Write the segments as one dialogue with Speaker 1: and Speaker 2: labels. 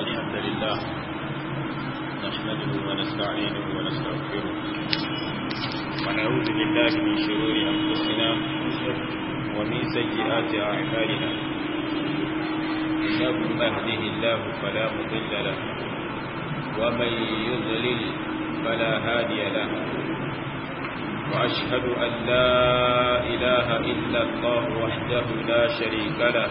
Speaker 1: الحمد لله نحمده ونستعينه ونستغفره ونعوذ بالله من شرور أنفسنا ومن سيئات أعمالنا إنه مهده الله فلا مضل له ومن يضلل فلا هادي له وأشهد أن لا إله إلا الله وحده لا شريك له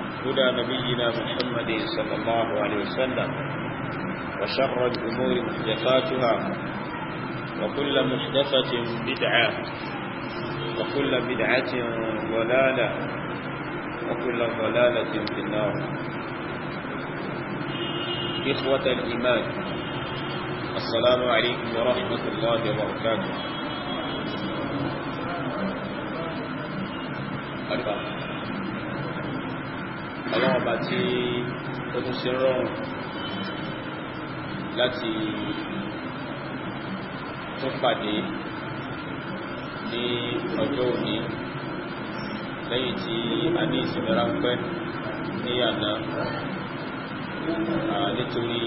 Speaker 1: هدى نبينا محمد صلى الله عليه وسلم وشر الأمور محدثاتها وكل محدثة بدعة وكل بدعة ضلالة وكل ضلالة في النار إخوة الإيمان السلام عليكم ورحمة الله وبركاته أربعة àwọn ọba tí ó tún ṣe rọrùn láti tún pàdé ní ọjọ́ òní lẹ́yìn tí a ní ìsinmi ráńpẹ́ ní àná nítorí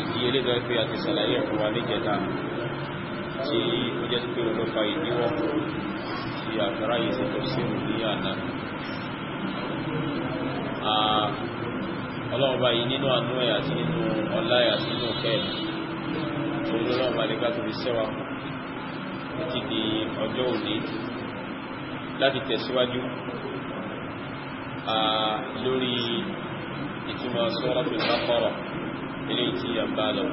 Speaker 1: ìdí eléjọ́ pé a ti ṣàlàyé fún wa níjẹta tí ó jẹ́ pé olófa ìdíwọ́ tí àkàrà sí tó òní àná ọlọ́run bá yìí nínú àánú ẹ̀ àti nínú ọlá ẹ̀ àti nínú ọ̀kẹ́ ẹ̀ torí ọlọ́run bá lè gbá tóbi sẹ́wà títí di ọjọ́ òní láti tẹ̀síwájú lórí ìtumọ̀ suratul Baqara ilé tí a bá lọ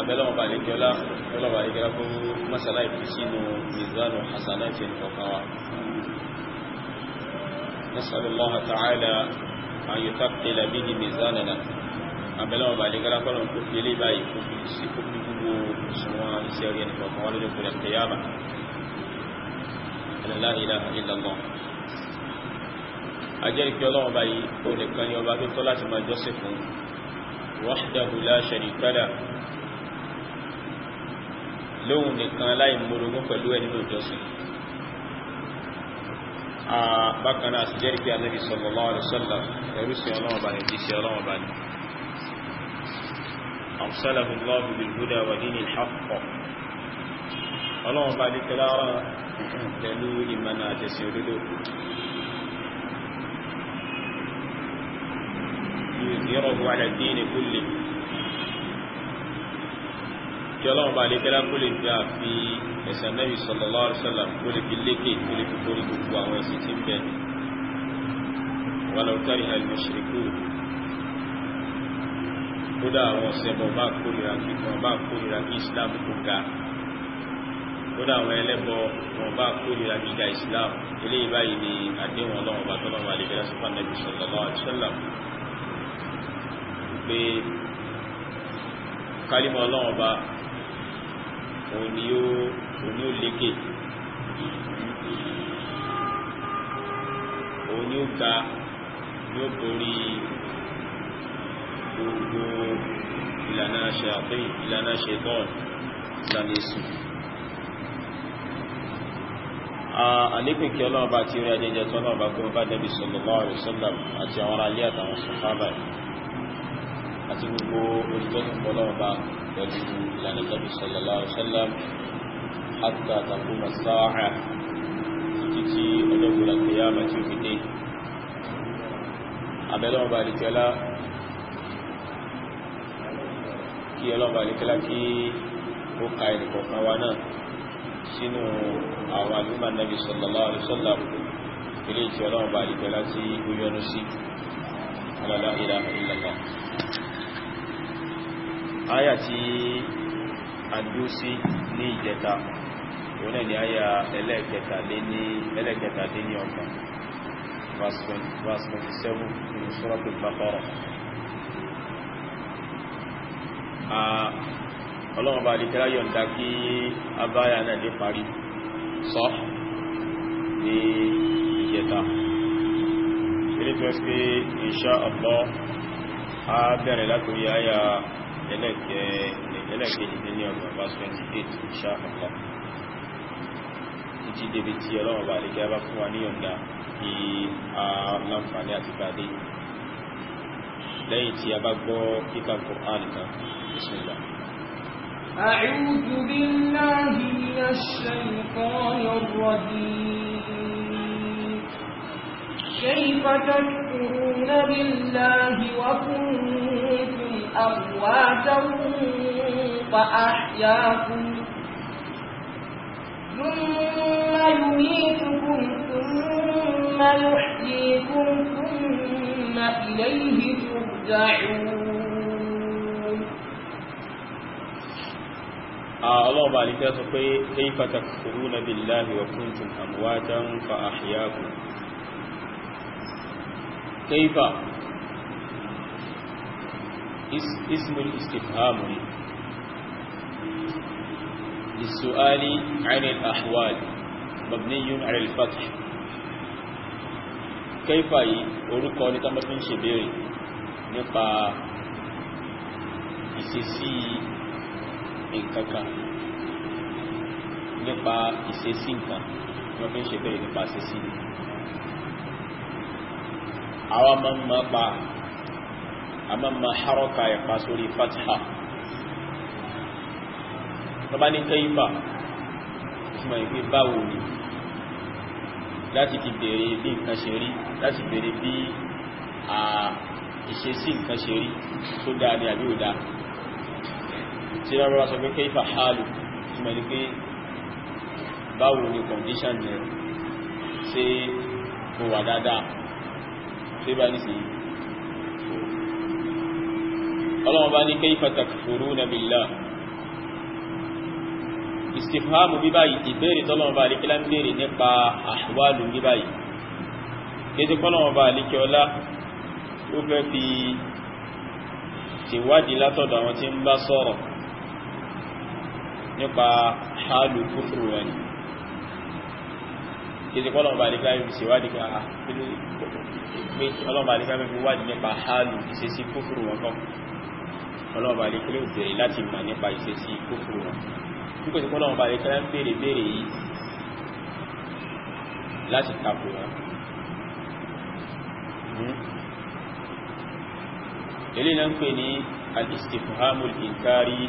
Speaker 1: abẹ́lọ́wọ̀n bá lè gẹ́lá ọlọ́wà ìgẹ́lá fún mọ́sálà ìfúsínú mizanu hasanati ẹ̀kọ̀kan wa نسأل الله تعالى أن يثقل به ميزاننا abẹ́lẹ́ ọba àdígára fọ́lọ̀ kó fi ilé báyìí kó fi sí kó fi gbogbo ìṣòwò iṣẹ́ orí ẹni kọ̀ọ̀kan wọ́n lórí ìpínlẹ̀ tẹ̀yàmà aláìlá ìlànà ajẹ́rìí pé ọlọ́run báyìí ó nìkan ni ọba tó tọ́ láti máa jọ́sìn fún wahdahu la sharika lahu lóhun nìkan láì mọ́rogún pẹ̀lú ẹni lójọ́sìn bákan náà sì jẹ́rìí pé anábì sallallahu alaihi wasallam ẹrú sí ọlọ́wọ́ bá ní jíṣẹ́ ọlọ́wọ́ bá ní àmsálàbù lọ́wọ́ bil huda wa dinil haqq ọlọ́wọ́ bá ní kẹlára pẹ̀lú ìmọ̀nà àtẹ̀sí òdodo yuzhiruhu ala dini kulli kí ọlọ́wọ́ bá ní kẹlára kúlè ń gbà fi ẹ̀sìn Ànábì sallallahu alaihi wasallam tó lè fi lékè tó lè fi borí gbogbo àwọn ẹ̀sìn tí ń bẹ walau kariha al-mushrikun kódà àwọn ọ̀sẹ̀bọ̀ bá kórìíra kí wọn bá kórìíra kí Islam kò ga kódà àwọn ẹlẹ́bọ wọn bá kórìíra gíga Islam eléyìí báyìí ni àdéhùn ọlọ́run bá tọ́lọ́run àlejò sọ́fà Ànábì sallallahu alaihi wasallam pé kálímọ̀ ọlọ́run bá òun ni ó òun ni ó lékè òun ni ó ga ni ó borí gbogbo ìlànà ṣàfihàn ìlànà ṣetán ìlànà èsù àlékún kí ọlọ́ọ̀bá tí ó rí ajẹjẹ tó ọlọ́ọ̀bá kó bá Ànábì sallallahu alaihi wasallam àti àwọn aráalé àtàwọn sàhábà àti gbogbo olùjọ́sìn fọlọ́ọ̀bá pẹ̀lú ìlànà Ànábì sallallahu alaihi wasallam hatta taquma as-sa'a títí tí ọjọ́ gbọ́dọ̀ qiyamah tí ó fi dé abẹ́lọ́ọ̀bá àdìkẹ́lá kí ọlọ́ọ̀bá àdìkẹ́lá kí ó ka ẹnìkọ̀ọ̀kan wa náà sínú àwọn àdúmà Ànábì sallallahu alaihi wasallam ilé ìtì ọlọ́ọ̀bá àdìkẹ́lá tí ó yọ́nú sí alala ilaha illallah áyà tí a dúró sí ní ìjẹta òun náà ni áyà ẹlẹ́ẹ̀kẹta lé ní ẹlẹ́ẹ̀kẹta lé ní ọgbọ̀n verse 27 nínú Suratul Baqara ọlọ́run bá dìkẹ́lá yọ̀nda kí abáyà náà dé parí sọ ní ìjẹta ilé tó ẹ́ sí pé insha Allah a bẹ̀rẹ̀ látorí àyà ẹlẹ́kẹ̀ẹ́jì dín ní ọgbọ̀n verse twenty eight ṣáàlọ́ títí débi tí ọlọ́run bá lè gẹ́ bá fún wa ní ọ̀dà kí a láǹfààní àti bàdé lẹ́yìn tí a bá gbọ́ kíkà Kùránì kan Bismillah.
Speaker 2: أعوذ
Speaker 3: كيف تكفرون بالله وكنتم أمواتا فأحياكم
Speaker 2: ثم يميتكم ثم يحييكم ثم إليه ترجعون
Speaker 1: آه، الله كيف تكفرون بالله وكنتم أمواتا فأحياكم كيف ismul istifham ni للسؤال عن الأحوال مبني على الفتح كيف orúkọ ní tọ́mọ́ tó ń ṣe béèrè nípa ìṣesí nǹkankan nípa ìṣesí nǹkan wọ́n fi ń ṣe béèrè nípa ìṣesí àwọn ọmọ mọ́ pa a máa ma harọ́ka ẹ̀pá sórí fatiha tó bá ní kẹ́yífà ìtumọ̀ ìpé báwo ni láti fi bèèrè bí nǹkan ṣe rí láti bèèrè bí a ìṣesí nǹkan ṣe rí tó dáa ní àbí òdá tí lọ́rọ̀ wá sọ pé kẹ́yífà hálù ìtumọ̀ ní pé báwo ni condition rẹ̀ ṣe kò wà dáadáa ṣe bá ní sí ọlọ́wọ́n bá ní kayfa takfuruna billah istifhamu bí báyìí ìbéèrè tọ́lọ́wọ́n bá alékẹ́lá ń béèrè nípa ahwalu bí báyìí kéde kọ́lọ́wọ́n bá alékẹ́ọlá ó fẹ́ fi ṣèwádìí látọ̀dọ̀ àwọn tí ń bá sọ̀rọ̀ nípa hálù kúfùrù wọn ni kéde kọ́lọ́wọ́n bá alékẹ́lá fi ṣèwádìí ká pé ọlọ́wọ́n bá alékẹ́lá fi wádìí nípa hálù ìṣesí kúfùrù wọn kọ́ ọlọ́ọ̀bà lè kéré òbèrè láti mọ̀ nípa ìṣesí kófò wọn bí kò sí pé ọlọ́ọ̀bà lè kéré ń béèrè béèrè yìí láti tako wọn hmm? eléyìí náà ń pè ní al-istifhamul inkari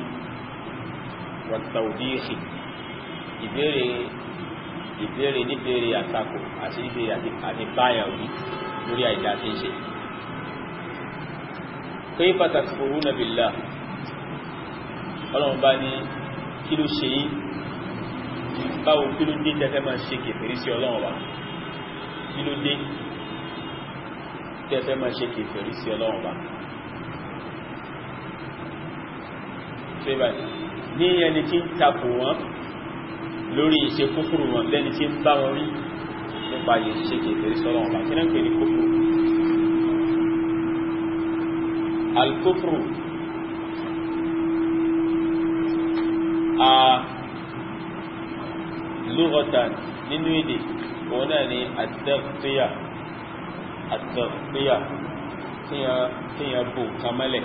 Speaker 1: wa tawdihi ìbéèrè ìbéèrè níbéèrè àtakò àti ìbéèrè àti báyà òní lórí àìdá tí ń ṣe kayfa takfuruna billah ọlọ́run bá ní kí ló ṣe yín báwo kí ló dé tẹ́fẹ́ máa ṣe kèfèrí sí ọlọ́run wa kí ló dé tẹ́fẹ́ máa ṣe kèfèrí sí ọlọ́run wa ní ẹni tí ń takò wọn lórí ìṣe kúfùrù wọn lẹ́ni tí ń bá wọn rí nípa ìṣe kèfèrí sí ọlọ́run wa kí náà pè ní kúfùrù alkufru a lughatan nínú èdè òun náà ni àtẹ́fíyà àtẹ́fíyà kíyàn bò kamẹ́lẹ̀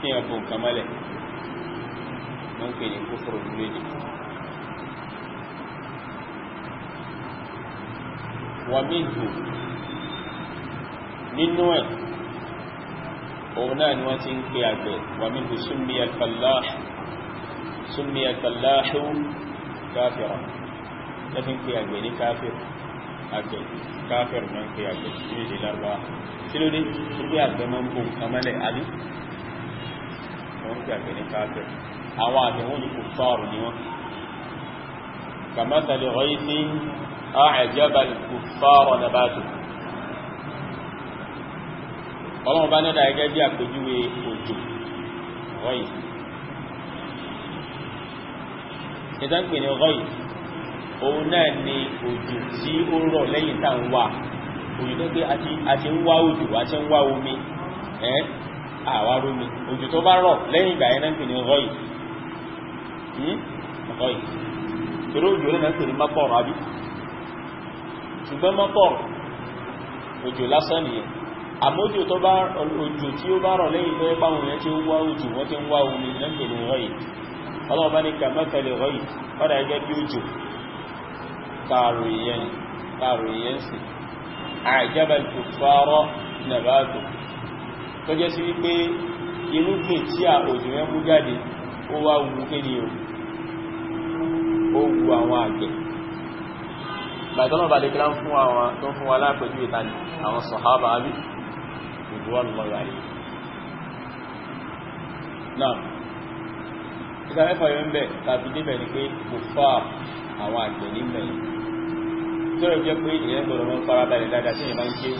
Speaker 1: kíyàn bò kamẹ́lẹ̀ wọ́n pè ní kúfùrù nínú èdè wà mí ìgbò nínú ẹ̀ òun náà ni wọ́n ti ń pè àgbẹ̀ wà nínú súnmí àtàláhù káfíra wọ́n ti ń pè àgbẹ̀ ní káfíra àgbẹ̀ káfíra náà ń pè àgbẹ̀ ní èdè lárúbá tí ló dé tó pé àgbẹ̀ máa ń bò kamẹ́lẹ̀ àbí wọ́n ń pè àgbẹ̀ ní káfíra àwọn àgbẹ̀ wọ́n ni kò fáàrù ni wọ́n kàmátàlẹ̀ ọ̀yí sí àjẹ́bà kò fáàrù nàbátò ọlọ́run bá nẹ́dà gẹ́gẹ́ bí àpèjúwe òjò rọ́yì ìdáǹpè ní rọ́yì òun náà ni òjò tí ó rọ̀ lẹ́yìn tá ń wà òjò tó pé a ti ń wá òjò a ti ń wá omi ẹ́ àwa rómi òjò tó bá rọ̀ lẹ́yìn ìgbà yẹn náà ń pè ní rọ́yì hmm? rọ́yì torí òjò náà ń pè ní mọ́pọ̀rọ̀ àbí ṣùgbọ́n mọ́pọ̀rọ̀ òjò lásán nìyẹn àmójò tó bá òjò tí ó bá rọ̀ lẹ́yìn tó yẹpa wọn tí ó wá òjò wọ́n tí ń wá omi lẹ́gbẹ̀lẹ̀ rọ̀ì ọlọ́ọ̀bá ní kàmẹ́kẹ̀lẹ̀ rọ̀ì ọ̀dà ẹgbẹ́ bí òjò tààrùyẹn sí àjábà ìfòfàárọ̀ nàbàtò tó jẹ́ sí wípé irúgbìn tí à ó wá wu kéde o ó àwọn àgbẹ̀ gbàtọ́nà balẹ̀ kílá ń fún àwọn tó ń fún wa lápẹ̀jú ìtàní àwọn sọ̀hábà àbí رضوان الله عليه نعم ìta mẹ́fà yóò ń bẹ̀ tàbí débẹ̀ ni pé kò fà àwọn àgbẹ̀ níbẹ̀ tó rẹ̀ jẹ́ pé ìyẹn gbọ́dọ̀ wọn farabalẹ̀ dáadáa sí ìyẹn ké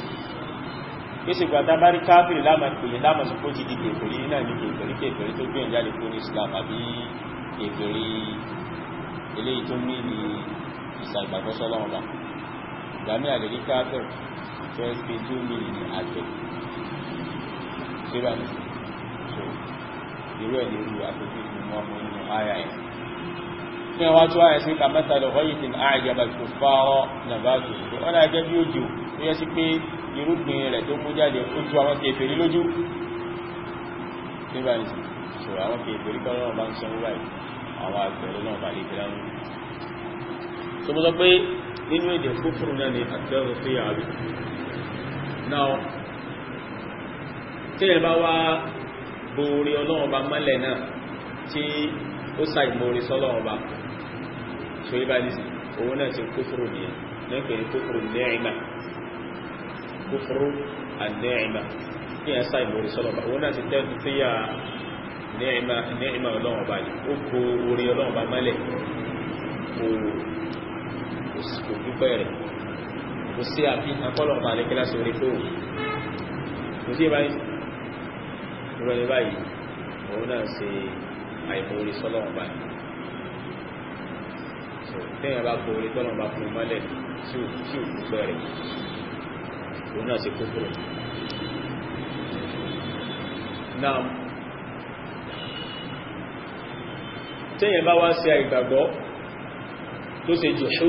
Speaker 1: kéṣe gbàtà bá rí káfíìrì lámàpìlì lámàsí kó ti di kèfèrí náà ní kèfèrí kèfèrí tó gbé ìjáde fún Islam àbí kèfèrí eléyìí tó ní ní ìsàgbàgbọ́sọ́lọ́wọ́n bá ìgbàmí àlèrí káfíìrì fẹ́ẹ́ fi tó ní ní àgbẹ̀ síra ní so irú ẹ̀ lórí àpèjú ìgbìmọ̀ ọmọ nínú àyà ẹ̀ ní ọwá tó àyà sí kàmẹ́ta lọ ọyí tí àjàbà tó fárọ́ nàbàtò tó wọ́n náà gẹ́gẹ́ bí ó jù ó yẹ sí pé irúgbìn rẹ̀ tó mú jáde ó ju àwọn kèfèrí lójú nígbà ní so àwọn kèfèrí kọ́ lọ́nà bá ń sanwó báyìí àwọn àgbẹ̀rẹ̀ náà bá lè fi lánú so mo sọ pé nínú èdè kúfùrù náà ni àtẹ́rù sí àbí náà tíyẹ̀ bá wá borí ọlọ́ọ̀ba mọ́lẹ̀ náà tí ó sa ìmorí sọ́lọ́ọ̀ba tó yí bá nìsí òun náà ti kúfúrú ní ẹ̀pẹ̀ kúfúrú ni'ma kúfúrú an-ni'ma kí ẹ sa ìmorí sọ́lọ́ọ̀ba òun náà ti tẹ́tù tí yà ni'ma ọlọ́ọ̀ba yìí ó borí ọlọ́ọ̀ba mọ́lẹ̀ kò dúpẹ́ rẹ̀ kò sí àfihàn ìrọ̀lẹ́ báyìí òun náà ṣe àìmórí sọ́lọ́run báyìí tẹ́yìn bá kó orí tọ́lọ́run bá fún mọ́lẹ̀ tí ò kú pẹ́rẹ̀ òun náà ṣe kókó náà tẹ́yìn bá wá sí àìgbàgbọ́ tó ṣe jùṣù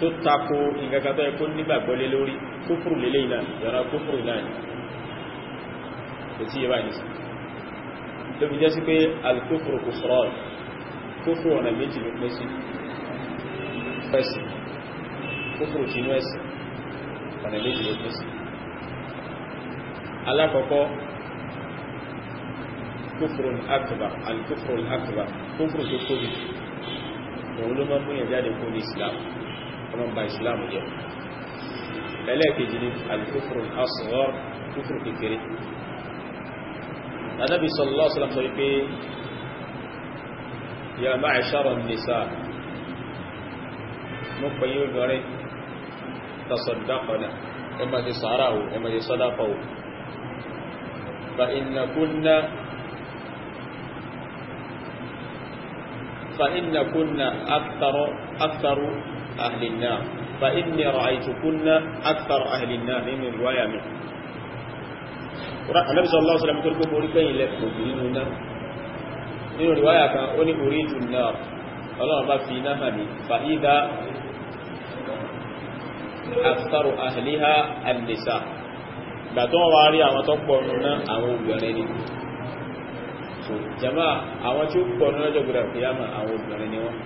Speaker 1: tó tako ìgbàgbọ́ ẹkó nígbàgbọ́ lé lórí kófùrù lélẹ́ ìlànà yọ̀rọ̀ kófùrù ìlànà kò tí yẹ bá nìsí tó fi jẹ́ sí pé alkufru kò sọ̀rọ̀ kufru ọ̀nà méjì ló pín sí fẹ́sì kufru tinú ẹ̀sì ọ̀nà méjì ló pín sí alákọ̀ọ́kọ́ kufru akbar alkufru akbar kufru tó tóbi òun ló kékeré النبي صلى الله عليه وسلم خيبي إيه؟ يا معشر النساء مقبيو غري تصدقنا اما دي صاراو اما دي صدقوا فإن كنا فإن كنا أكثر أكثر أهل النار فإني رأيت كنا أكثر أهل النار من الرواية منه Ànábì sallallahu alaihi wasallam tó gbogbo orí pẹ́yìn lẹ́kùn òbí nínú náà nínú ríwáyà kan ó ní orí jù náà ọlọ́run bá fi iná hàn ní fa'ida aftaru ahliha an-nisa gbàtọ́ wà rí àwọn tó pọ̀ nínú àwọn obìnrin ni so àwọn tí ó pọ̀ nínú ọjọ́ gbọ́dọ̀ kìyàmà àwọn obìnrin ni wọ́n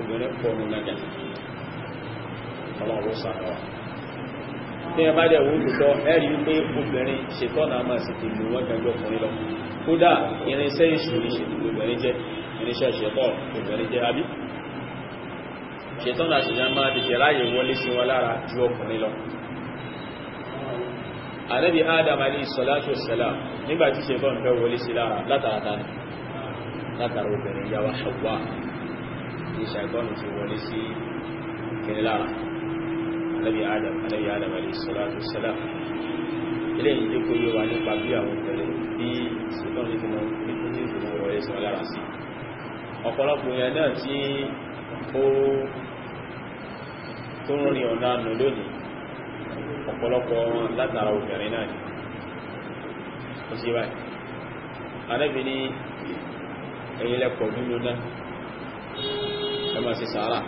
Speaker 1: obìnrin pọ̀ nínú lágbàtí ọlọ́run sàrọ̀ tí ẹ bá dẹ̀ wó lùtọ́ ẹ̀rí wípé obìnrin ṣètọ́nà àmà ṣètò ìlú wọ́n gbẹ̀gbẹ̀ ọkùnrin lọ kódà irinṣẹ́ ìṣù ní ṣètò obìnrin jẹ́ irinṣẹ́ ṣètọ́ obìnrin jẹ́ àbí ṣètọ́nà àṣìyàn máa ti ṣẹ̀ráyè wọlé sí wọn lára ju ọkùnrin lọ ànábì adam alẹ́ ìsọ̀láṣọ́ ànábì adam ànábì adam alayhi salatu wassalam ilé ìjẹ́ kó yíwa nípa bí àwọn pẹ̀lẹ̀ bí ṣetán ní fún ọ̀rọ̀ ẹ̀sọ̀ lára sí ọ̀pọ̀lọpọ̀ yẹn náà tí ó tó ń rí ọ̀nà nù lónìí ọ̀pọ̀lọpọ̀ látara obìnrin náà ni ó sì wáyé anábì ní ẹ̀yẹlẹ́pọ̀ nínú náà ẹ máa ṣe sàárà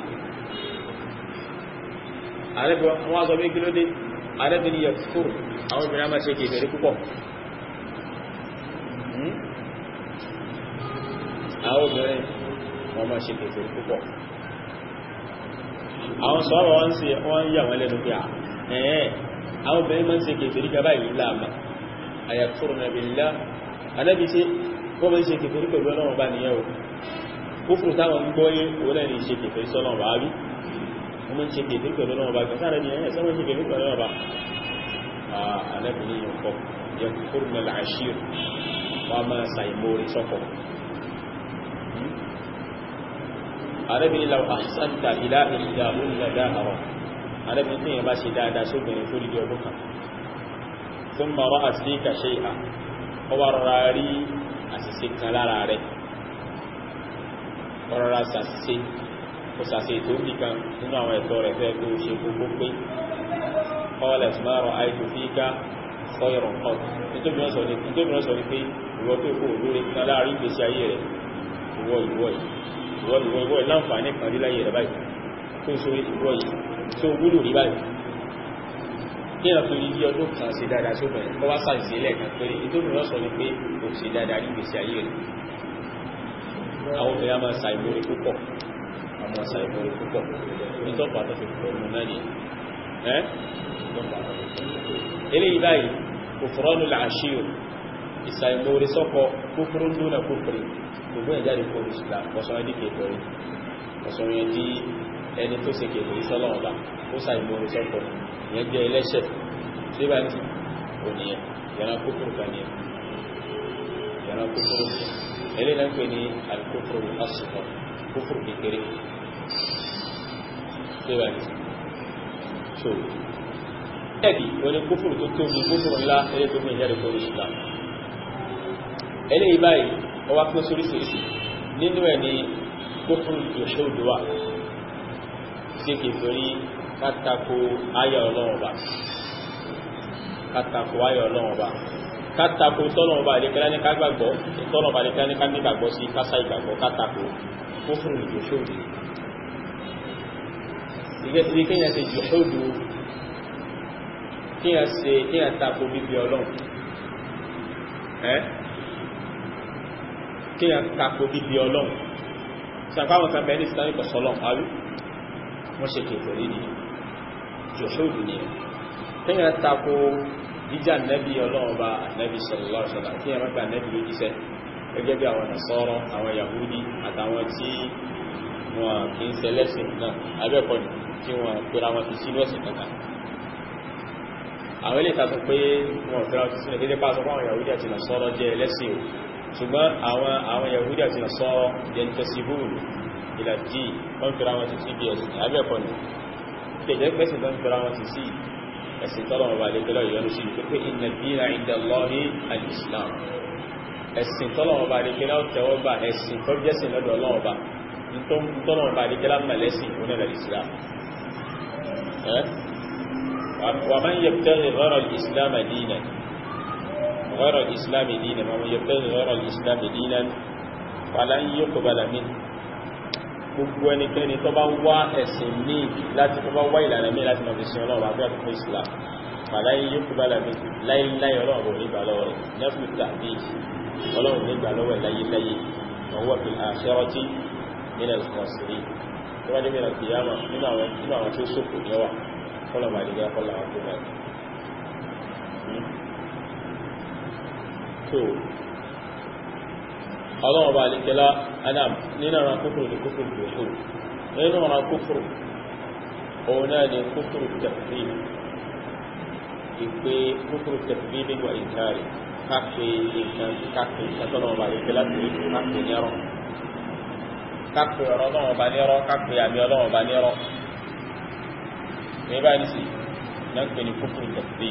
Speaker 1: wọ́n sọ bí kí ló dé arẹ́bìnrin yẹ fúrù àwọn obìnrin a máa ṣe kèfèrí púpọ̀ hmm? àwọn obìnrin wọ́n máa ṣe kèfèrí púpọ̀ àwọn sọ́rọ̀ wọ́n sí wọ́n yà wọ́n lẹ́nu pé ẹ̀ẹ́ àwọn obìnrin máa ṣe kèfèrí gaba yìí láàmà wọ́n máa ń ṣe kèfé pẹ̀lú ọlọ́wọ́ bá gbẹ̀sára ní ẹ̀yẹ́ sọ́wọ́n ṣe kèfé pẹ̀lú ọlọ́wọ́ bá alẹ́bìnrin ọkọ̀ yẹ kúrò ní làṣír wọ́n máa ṣàìmórí sọ́kọ̀ alẹ́bìnrin hmm? lọ àṣàǹtà ìlà ìdààmú ìlàdá àrọ̀ alẹ́bìnrin tí yẹn bá ṣe dáadáa sóbìnrin tó rí ọdún kan tó kò sàṣe ètò nìkan nínú àwọn ẹ̀tọ́ rẹ̀ fẹ́ kó ṣe gbogbo pé ọlẹ̀ smarọ àìkò fíkà sọ́yọ̀rọ̀ kan nítorí wọ́n sọ ní pé ìwọ tó kò lórí kan láàrin ìgbésí ayé so ìwọ yìí tó wúlò rí báyìí kí ẹ̀rọ torí bí ọdún kan ṣe dáadáa tó bẹ̀rẹ̀ kọ́ wá sàìsí ilẹ̀ kan pé nítorí wọ́n sọ ní pé kò ṣe dáadáa rí ìgbésí ayé rẹ̀ àwọn obìnrin a máa ṣàìmórí púpọ̀ ọmọ ṣàìbò púpọ̀ ní tọ́pàá tó fi pọ̀ mọ́ náà yìí ẹ́ eléyìí báyìí kòfòrọ́nù làṣíò ìṣàìbò orí sọ́kọ kúkúrú lónà kúkúrú gbogbo ẹ̀ jáde kó ìṣìlá ọ̀sán ẹni kètò rí ọ̀sán yẹn di ẹni tó ṣe kètò rí sọ́lọ́ ọ̀la ó ṣàìbò orí sọ́kọ ìyẹn jẹ́ ẹlẹ́ṣẹ̀ tí bá ti kò nìyẹn kékeré clearance so ẹ̀dì wọlé kófòrò tó tóbi kófòrò ńlá ẹlẹ́ tó fún ìjáde tó rí islam ẹlẹ́ ìbáyìí ọwá pín sóríṣìíṣìí nínú ẹ̀ ni kófòrò tó ṣe òdòwà ṣe kèfèrí kátàkó ayà ọlọ́run ọba kátàkó ayà ọlọ́run ọba kátàkó tọ́lọ́run ọba àdékẹ́lá ní ká gbàgbọ́ tọ́lọ́run ọba àdékẹ́lá ní ká nígbàgbọ́ sí kásá ìgbàgbọ́ kátàkó kófòrò tó ṣe òdòwà gẹ́gẹ́ bí kíyàn ṣe jùhúdù kíyàn ṣe kíyàn tako bíbí ọlọ́run ẹ́ kíyàn tako bíbí ọlọ́run sàfáwọn kan bẹ̀rẹ̀ ìsìlámi kọ̀ sọ́lọ́n àrí wọ́n ṣe kèfèrè ní jùhúdù ni kíyàn tako jíjà nẹ́bí ọlọ́run bá nẹ́bí sallallahu alaihi wasallam kíyàn mẹ́gbà nẹ́bí ló jíṣẹ́ gẹ́gẹ́ bí àwọn nasọ́rọ̀ àwọn yahudi àtàwọn tí wọn kì í ṣẹlẹ́sìn náà abẹ́kọ̀ọ́ tí wọ́n pèrà wọn fi sínú ẹ̀sìn kankan àwọn ilé ìtàtù pé wọ́n pèrà wọn fi sínú ẹ̀sìn pàṣọ fún àwọn Yahudi àti Nasara jẹ́ ẹlẹ́sìn o ṣùgbọ́n àwọn àwọn Yahudi àti Nasara jẹ́ tẹ̀síbùn ìlàjì wọ́n pèrà wọn ti sí bí ẹ̀sìn abẹ́ẹ̀kọ́ ni kẹjẹ́ pẹ́sìn tó ń pèrà wọn ti sí ẹ̀sìn tọ́lọ̀ wọn wà lé pẹ́lọ́ ìyọnu sí pé inna dina inda Allahi al-Islam ẹ̀sìn tọ́lọ̀ wọn bá lè kẹ́lá tẹ́wọ́ bá ẹ̀sìn tó jẹ́sìn lọ́dọ̀ Ọlọ́run bá ń tọ́lọ̀ wọn bá lè kẹ́lá mọ̀lẹ́sìn òun náà lẹ́sìn ومن يبتغي غير الإسلام دينا غير الإسلام دينا ومن يبتغي غير الإسلام دينا فلن يقبل منه gbogbo ẹnikẹ́ni tó bá wá ẹ̀sìn míì láti tó bá wá ìlànà míì láti mọ̀bí sin ọlọ́run àbúrà fún islam fàlàyé yóò kú bára mi láíláí ọlọ́run nígbà lọ́wọ́ rẹ̀ nẹ́fù tàbí ọlọ́run nígbà lọ́wọ́ láyéláyé ọwọ́ fi àṣẹ́rọ́tí nílẹ̀ ìsọ̀sírí tó bá dẹ́gbẹ̀rẹ̀ kìyàmà nínú àwọn tí ó sókò ní ọwà kọ́lọ̀ dìgbà kọ́lọ̀ àwọn tó báyìí hmm. nínú àwọn kókòrò ní ni kókòrò tẹ̀sí ìpé kókòrò tẹ̀sí nígbà ìkárí káàkiri ìkan káàkiri ìkan tọ́lọ́wọ́ bá dìkẹ́lá tó ṣòro káàkiri ní kápẹ́ ọ̀rọ̀ náà ọba nírọ́ kápẹ́ àmì ọlọ́run ọba nírọ́ ní báyìí sì náà ń pè ní kúfùrù tẹ̀sí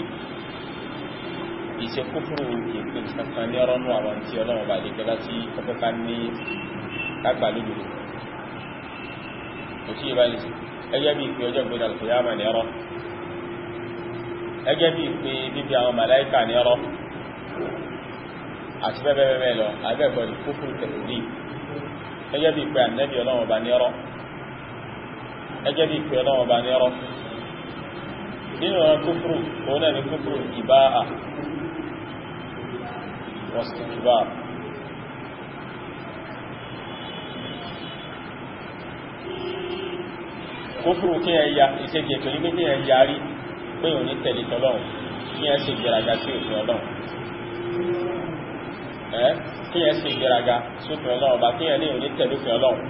Speaker 1: ìṣe kúfùrù ìpè kankan nírọ́ nù àwọn tí ọlọ́run ọba lè gbẹ́lá tí ọkọ̀ ká ní kágbà lódodo kò sí ìbáyìí sì ẹgẹ́ bí ìpè ọjọ́ gbẹ́dà lọ́sọ̀ yá mà nírọ́ ẹgẹ́ bí ìpè bíbi àwọn màláìkà nírọ́ àti bẹ́ẹ̀ bẹ́ẹ̀ bẹ́ẹ̀ lọ ẹjẹ́ bí pé ànẹ́bí ọlọ́run ọba ní ọrọ́ ẹjẹ́ bí pé ọlọ́run ọba ní ọrọ́ nínú ọ̀rọ̀ kúfúrú òun náà ni kúfúrú ìbáà wọ́sìkìbáà kófúrú kí ẹ ya ìṣèjì ètò ní pé ẹ yarí pé òní tẹ̀lé tọ́lọ́run kí ẹ ṣe gbẹ̀ràgà sí òfin ọlọ́run kí ẹ sì gbéraga sófin ọlọ́run ọba kí ẹ ní òní tẹ̀lófin ọlọ́run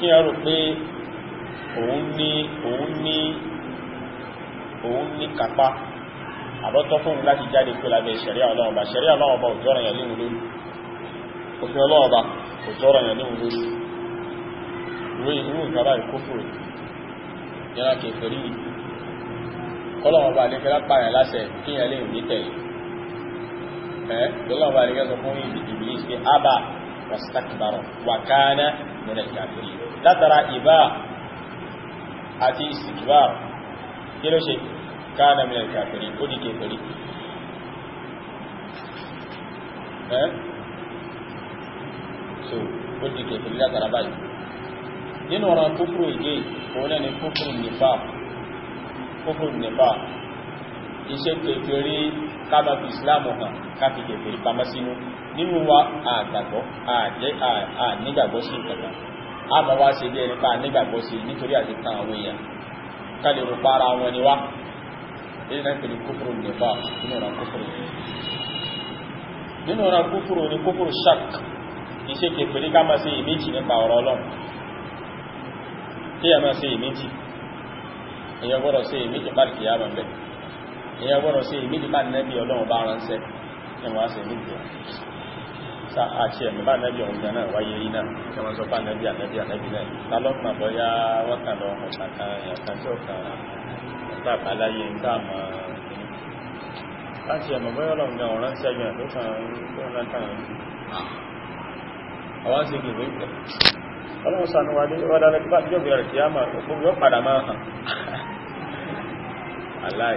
Speaker 1: kí ẹ rò pé òun ní òun ní òun ní kápá àbọ́tọ́ fún un láti jáde pé lábẹ́ ṣẹ̀ríà ọlọ́run ọba ṣẹ̀ríà ọlọ́run ọba òjọ́ ọ̀rọ̀ yẹn ní wúlò òfin ọlọ́run ọba òjọ́ ọ̀rọ̀ yẹn ní wúlò ìwé ìwé ìgbàlá ìkófòrò yẹn láti ìfẹ̀rí kọ́lọ́run ọba àlefẹ́ lápá yẹn láṣẹ kí ẹ lè ní tẹ̀lé ẹ́ lọ́wọ́ bá nígbà sọ fún Iblis pé abà wastakbara wa kana min al-kafirin látara ìbá àti istikbar kí ló ṣe kana min al-kafirin ó di kèfèrí ẹ́ so ó di kèfèrí látara báyìí nínú ọ̀rọ̀ kúfùrù ìgbé òun náà ni kúfùrù nìfà kúfùrù nìfà iṣẹ́ kèfèrí ká máa fi ìsìláàmù hàn ká fi kèfèrí pamọ́ sínú nínú wa àgbàgbọ́ ànígbàgbọ́ sí ìkàkà a máa wá ṣe bí ẹni pa ànígbàgbọ́ sí nítorí àti kan àwọn èèyàn ká lè rúpa ara wọn ni wá èyí náà pẹ̀lú kúfùrù nípa nínú ọ̀nà kúfùrù nínú ọ̀nà kúfùrù ni kúfùrù ṣak ìṣe kèfèrí ká máa ṣe ìméjì nípa ọ̀rọ̀ ọlọ́run kí a máa ṣe ìméjì èèyàn gbọ́dọ̀ ṣe ìméjì pálíkì yá máa bẹ̀rẹ̀ èyàn gbọ́dọ̀ sí ìmìdí bá nẹ́bí ọlọ́run bá ránṣẹ́ ẹwà sí ìmìdí àti ẹ̀mí bá nẹ́bí ọ̀hún gan náà bá nẹ́bí ànẹ́bí ànẹ́bí náà lálọ́pàá bọ́yá wọ́kàn ọlọ́run gan ọ̀rán sí ẹgbẹ̀rún bá jọ́gbẹ̀rẹ̀ kìí àmà òkú yóò padà máa hàn aláì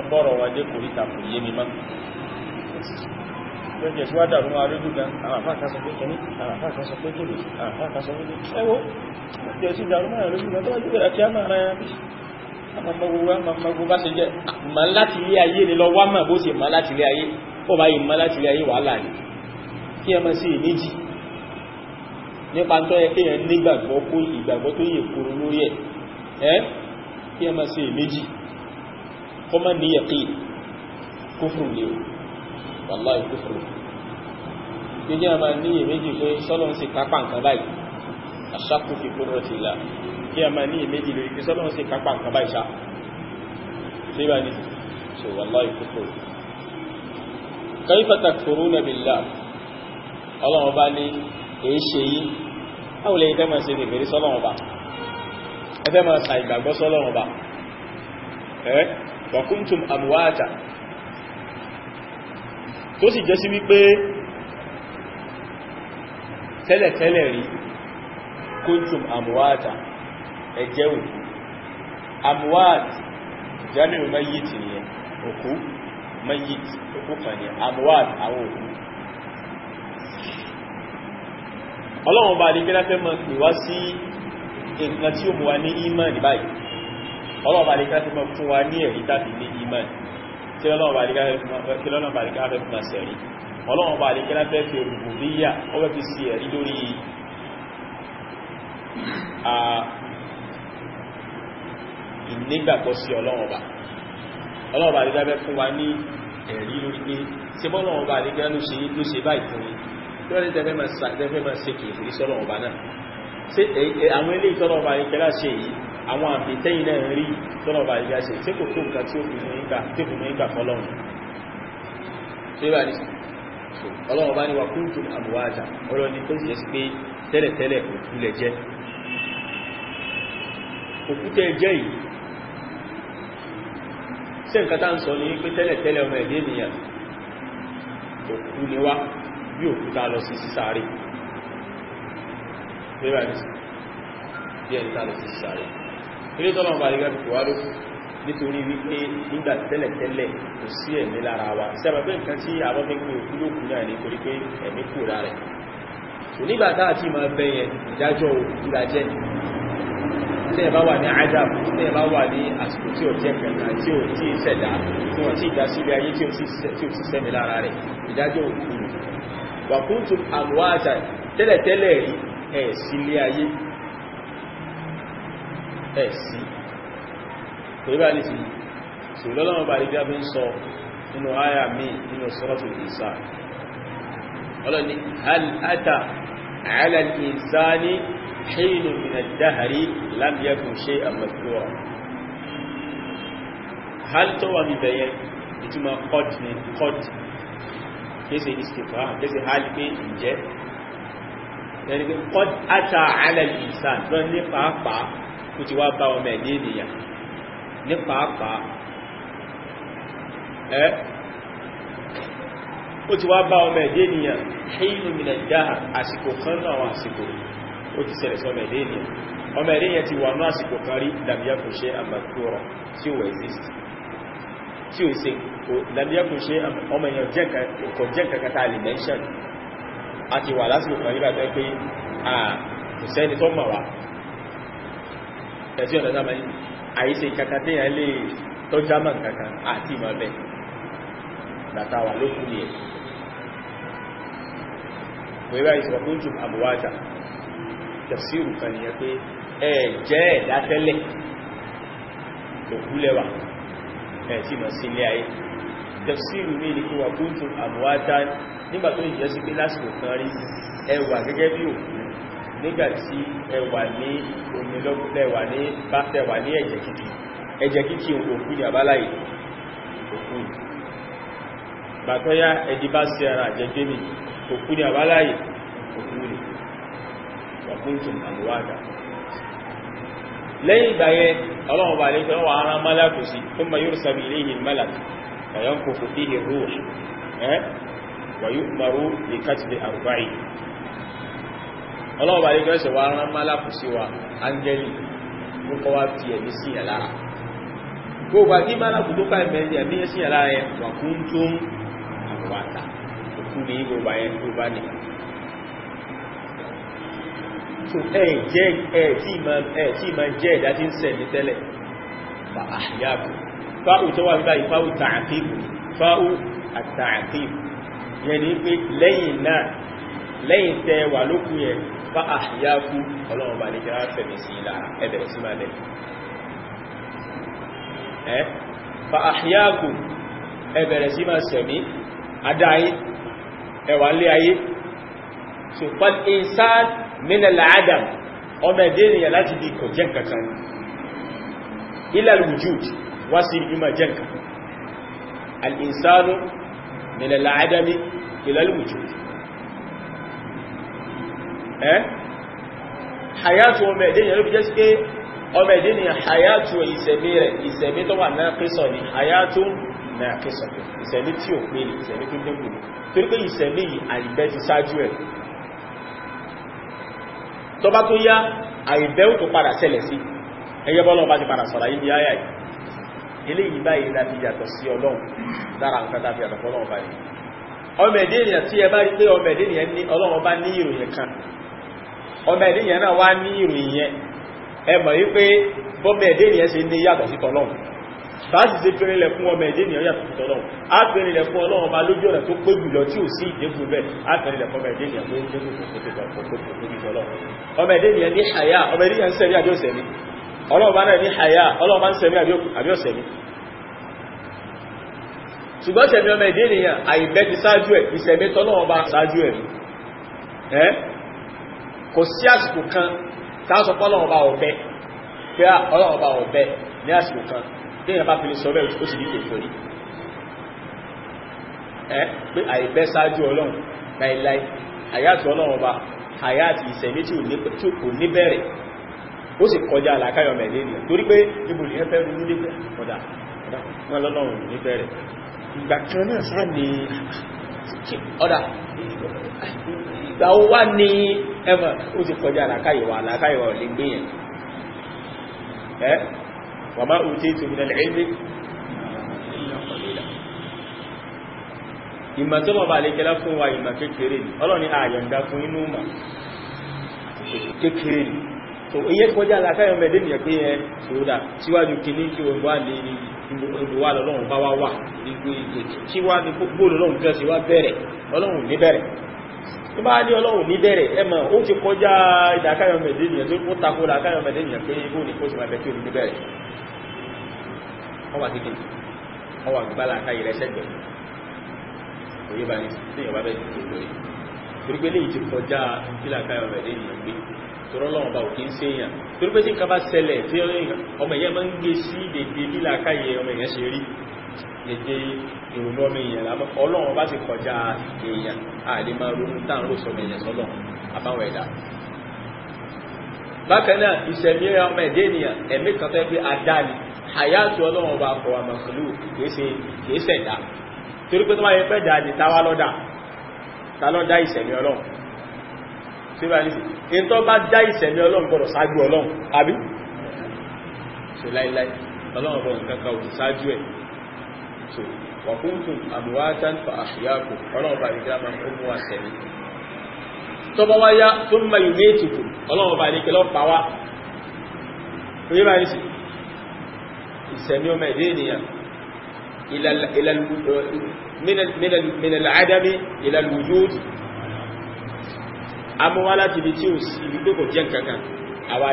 Speaker 1: ọgbọ́rọ̀ wa dé kò ríta kò yé mi mọ́ ló jẹ́ tí wá dàrú máa rí dúgan àwọn àfáàkà sọ pé kìíní àwọn àfáàkà sọ pé kìíní àwọn àfáàkà sọ pé kìíní ẹwọ́ jẹ́ sí dàrú máa rí dúgan tó wájú bẹ̀rẹ̀ kí á máa rẹ̀ àmàmàgbogbo àmàmàgbogbo bá ṣe jẹ́ ma láti ilé ayé ni lọ wá mà bó ṣe ma láti ilé ayé ó bá yìí ma láti ilé ayé wàhálà ni kí ẹ mọ́ nígbàgbọ́ kó ìgbàgbọ́ tó yẹ kúrò lórí ẹ̀ ẹ́ kí ẹ mọ́ sí kó má ní yẹ̀kí kúfùrù lè wàláì kúfùrù gbígbé àmà ní ìméjì pé sọ́lọ́n sì kápá nǹkan báyìí aṣákù fi kúrò sí ilá kí àmà ní ìméjì lórí pé sọ́lọ́n sì kápá nǹkan báyìí sá sí bá ní so wàláì kúfùrù kaifa takfuruna billah ọlọ́run bá ní èé ṣe yí áwùlẹ̀ ìfẹ́ máa ṣe kèfèrí sọ́lọ́run bá ẹfẹ́ máa ṣàìgbàgbọ́ sọ́lọ́run bá eh fakuntum amwata tó sì jẹ́ sí wípé tẹ́lẹ̀tẹ́lẹ̀ rí kuntum amwata ẹ jẹ́ òkú amwat jami'u mayyit ni òkú mayyit òkú kan ni amwat àwọn òkú ọlọ́run bá ní kí láfẹ́ mọ́ pè wá sí nǹkan tí ó mú wa ní ìmọ̀ ní báyìí ọlọ́ọ̀bà àríká ti mọ́ fún wa ní ẹ̀rí tàbí ní imani kí lọ́lọ́ọ̀bà àríká fẹ́ fún wa sẹ̀rí ọlọ́ọ̀bà àríká fẹ́ fi rùbùbíyà ó fẹ́ fi sí ẹ̀rí lórí ìnígbàgbọ́ sí ọlọ́ọ̀bà ọlọ́ọ̀bà àríká fẹ́ fún wa ní ẹ̀rí lórí pé ṣe bọ́lọ́ọ̀bà àríká ló ṣe báyìí fún lórí tẹ́fẹ́ máa ṣe kìí sí sọ́lọ́ọ̀bà náà ṣe àwọn ilé ìtọ́lọ́ọ̀bà àríká ṣe yìí àwọn àbìtẹ́yìn náà rí tọ́nà bá ìgbà ṣe tí kò tó nǹkan tí ó fi mú ìgbà tí ó fi mú ìgbà fọ́lọ́run ṣe bá ní ọlọ́run bá ní wa kúrùtù àbúwájà ọlọ́run ní tó sì sí pé tẹ́lẹ̀tẹ́lẹ̀ òkú lẹ jẹ́ òkú tẹ́ jẹ́ yìí ṣe nǹkan tá ń sọ ní pé tẹ́lẹ̀tẹ́lẹ̀ ọmọ ẹ̀dẹ́ ènìyàn òkú ni wá bí òkúta lọ sí sísáré ẹni tá lọ sí ilé tọ́lọ̀ ọba àríwá fi wá lókù nítorí wípé nígbà tẹ́lẹ̀tẹ́lẹ̀ kò sí ẹ̀mí lára wa sẹ́bà pé nǹkan tí àwọn mẹ́gbẹ́ òkú lókù náà ní torí pé ẹ̀mí kù rà rẹ̀ so nígbà táà tí máa bẹ yẹn ìdájọ́ ìdájẹ́ tẹ́ bá wà ní adam tẹ́ bá wà ní àsìkò tí ó jẹ́ ẹ̀ sí pẹ̀lú ní sí sí lọ́lọ́wọ́ bá rí gábí ń sọ nínú àyà mi nínú sọ́rọ̀tù ìsá ọlọ́ni al'ada alal insani hinu min ad-dahri lam yakun shay'an madhkura hal tó wà níbẹ̀ yẹn ìtumọ̀ qad ni qad kéèsè ìsìnkà kéèsè hal pé ìjẹ́ yẹn ni qad lọ ní pàápàá tó ti wá bá ọmọ ẹ̀dẹ́ ènìyàn ní pàápàá ẹ́ ó ti wá bá ọmọ ẹ̀dẹ́ ènìyàn ṣílù mìnà dáa àsìkò kan náà àwọn àsìkò ó ti ṣẹlẹ̀ sọmọ ẹ̀dẹ́ ènìyàn ọmọ ẹ̀dẹ́ yẹn ti wà ní àsìkò kan rí dàbíyàkùn ṣe àmàkúrọ̀ tí ó exist tí ó ṣe dàbíyàkùn ọmọ èèyàn kò jẹ́ kankan tá a lè mention àti wà lásìkò kan rí bàtẹ́ pé à kò sẹ́ni tó mọ̀ wá ẹ̀sí ọ̀nà sáà máa àìṣe ìkàkà tí yẹn lè tó jámà kankan àti ìmọ̀ bẹ́ẹ̀ bàtà wà ló kú ni ẹ̀ wẹ́rẹ́ àìsàn tó jù àbúwájà tẹ̀síìrù kan nìyẹn pé ẹ jẹ́ ẹ̀dá tẹ́lẹ̀ òkú lẹ́wà ẹ̀ tí mọ̀ sí ilé ayé tẹ̀síìrù ní ìlú wà tó jù àbúwájà nígbàtí ẹwà ní onílọ́gbẹ̀wà ní bátẹwà ní ẹ̀jẹ̀ kíkì ẹ̀jẹ̀ kíkì òkú ní àbáláyé òkú bàtọ́yá ẹ̀dì bá sí ara àjẹ́gbé ní òkú ní àbáláyé òkú ní wàkúntùn àmúwádà lẹ́yìn ìgbà yẹn àrùbáyìí ọlọ́ọ̀bà yìí gẹ́ẹ̀ṣẹ̀ wa rán málàkù sí wa áńgẹ́lì ó kọ́ wá ti ẹ̀mí sí ẹ̀ lára gbogbo àti málàkù tó ká ẹ̀mí ẹ̀mí sí ẹ̀ lára ẹ̀ wà kún tó ń àwọn àtà òkú ní gbogbo ayẹ tó bá ní so ẹ̀ jẹ́ ẹ̀ tí ma jẹ́ ẹ̀dá tí ń sẹ̀ ní tẹ́lẹ̀ fa àyàbò fáwù tó wà ní báyìí fáwù tààkìbù fáwù àtààkìbù yẹn ni pé lẹ́yìn náà lẹ́yìn tẹ́ wà lókù yẹn fa àyákú ọlọ́run bá ní kí wọ́n fẹ̀mí sí lára ẹbẹ̀rẹ̀ sí máa lẹ́ ẹ́ fa àyákú ẹbẹ̀rẹ̀ sí máa sẹ̀mí adáyé ẹwà lé ayé so fal insan minal adam ọmọ ẹ̀dẹ́ ènìyàn láti bí kò jẹ́ kankan ilal wujud wá sí ìmọ̀ jẹ́ kankan al insanu minal adami ilal wujud Eh? hayatu ọmọ ẹ̀dẹ́ yẹn ló jẹ́ sí pé ọmọ ẹ̀dẹ́ ni hayatu ìsẹ̀mí rẹ̀ ìsẹ̀mí tó wà náà kẹsọ̀ ni hayatu náà kẹsọ̀ ìsẹ̀mí tí ò pé ìsẹ̀mí tó dẹ́kù ni torí pé ìsẹ̀mí yìí àìbẹ́ ti ṣáájú ẹ̀ tó bá tó yá àìbẹ́ ò tó padà sí ẹyẹ bọ́lọ́ ti ọmọ ẹ̀dẹ́ yẹn náà wá ní ìròyìn yẹn ẹ mọ̀ wípé bọ́mọ ẹ̀dẹ́ yẹn ṣe ní yàtọ̀ sí tọ́lọ́run báàsì ṣe fẹ́rin lẹ̀ fún ọmọ ẹ̀dẹ́ yẹn yàtọ̀ sí tọ́lọ́run á fẹ́rin lẹ̀ fún ọlọ́run ọba lójú ọ̀nà tó pé jùlọ tí ò sí ìdégù bẹ́ẹ̀ á fẹ́rin lẹ̀ fún ọmọ ẹ̀dẹ́ yẹn tó ń dégù tó tó ọmọ ẹ̀dẹ́ yẹn ní àyà ọmọ ẹ̀dẹ́ yẹn ń sẹ́rí àbí ọ̀sẹ̀ mi ọlọ́run bá náà ní àyà ọlọ́run bá ń sẹ́rí àbí ọ̀sẹ̀ mi ṣùgbọ́n sẹ̀mí ọmọ ẹ̀dẹ́ yẹn àìbẹ́ ti ṣáájú ẹ̀ ìṣẹ̀mí tọ́lọ́run bá ṣáájú ẹ̀ kò sí àsìkò kan táàsọ pọ́lọ̀ọ̀bá ọ̀bẹ pé ọlọ́ọ̀bá ọ̀bẹ ní àsìkò kan tí èyàn bá fi lè sọ bẹ́ẹ̀ ó sì díkè fòrí ẹ́ pé àìbẹ́ sáájú ọlọ́run láìláì àyàtì ọlọ́ọ̀bá àyàtì ìsẹ̀mí tí kò ní bẹ̀rẹ̀ ó sì kọjá àlàkáyọ̀ mẹ̀lẹ́nìyàn torí pé ibùdó ẹfẹ́ rú nígbẹ̀ ọ̀dà ọ̀dà wọn lọ́lọ́run ní bẹ̀rẹ̀ ìgbà kan náà sáà ni ọ̀dà ìgbà ó wá ní ẹmọ̀ ó ti kọjá àlàkáyìwà àlàkáyìwà ò lè gbé yẹn ẹ́ wà máa na tí ètò ìrìnlẹ̀ ilé ìmọ̀ tó mọ̀ lè kẹlá fún wa ìmọ̀ kékeré ni ọlọ́ni fún inú mọ̀ kékeré ni so iye kọjá mẹ́lẹ́ gbogbo wa lọ́lọ́run bá wá wà gbogbo ìjẹ̀jì tí wá ní gbogbo lọ́lọ́run gẹ́ wá bẹ̀rẹ̀ ọlọ́run ní bẹ̀rẹ̀ tí bá ní ọlọ́run ní bẹ̀rẹ̀ ẹmọ̀ ó ti kọjá ìdákáyọ̀ mẹ̀dẹ́nìyàn tó tako ìdákáyọ̀ mẹ̀dẹ́nìyàn pé ó ní kó tọ́lọ́wọ́n bá òkè ń ṣe èèyàn tó rí pé tí nǹkan bá ṣẹlẹ̀ tí ọmọ èèyàn máa ń gbé sí dèdè lílà káyẹ ọmọ èèyàn ṣe rí dèdè ìrònú ọmọ èèyàn lámọ́ ọlọ́wọ́n bá ti kọjá èèyàn àlè máa ronú táwọn ló sọmọ èèyàn sọlọ àbáwọn ẹ̀dá bákan náà ìṣẹ̀mí ọmọ ẹ̀dẹ́ ènìyàn ẹ̀mí kan fẹ́ pé adá ni àyàtú ọlọ́wọ́n bá kọ àmọ̀sílù kìí ṣẹ̀dá torí pé tó máa yẹ fẹ́ dà ní táwa lọ́dà tá lọ́dà ìṣẹ̀mí ọlọ́wọ́n ṣe bá nìsí in tó bá já ìṣẹ̀mí ọlọ́run gbọ́dọ̀ ṣáájú ọlọ́run àbí so láíláí ọlọ́run gbọ́dọ̀ kankan ò ṣáájú ẹ̀ so wa kuntum amwatan fa ahyaakum ọlọ́run bá ìgbà máa ń mú wa sẹ̀mí tó bá wá yá thumma yumitukum ọlọ́run bá amúwá láti tí ó ibi kò jẹ́ kankan àwádà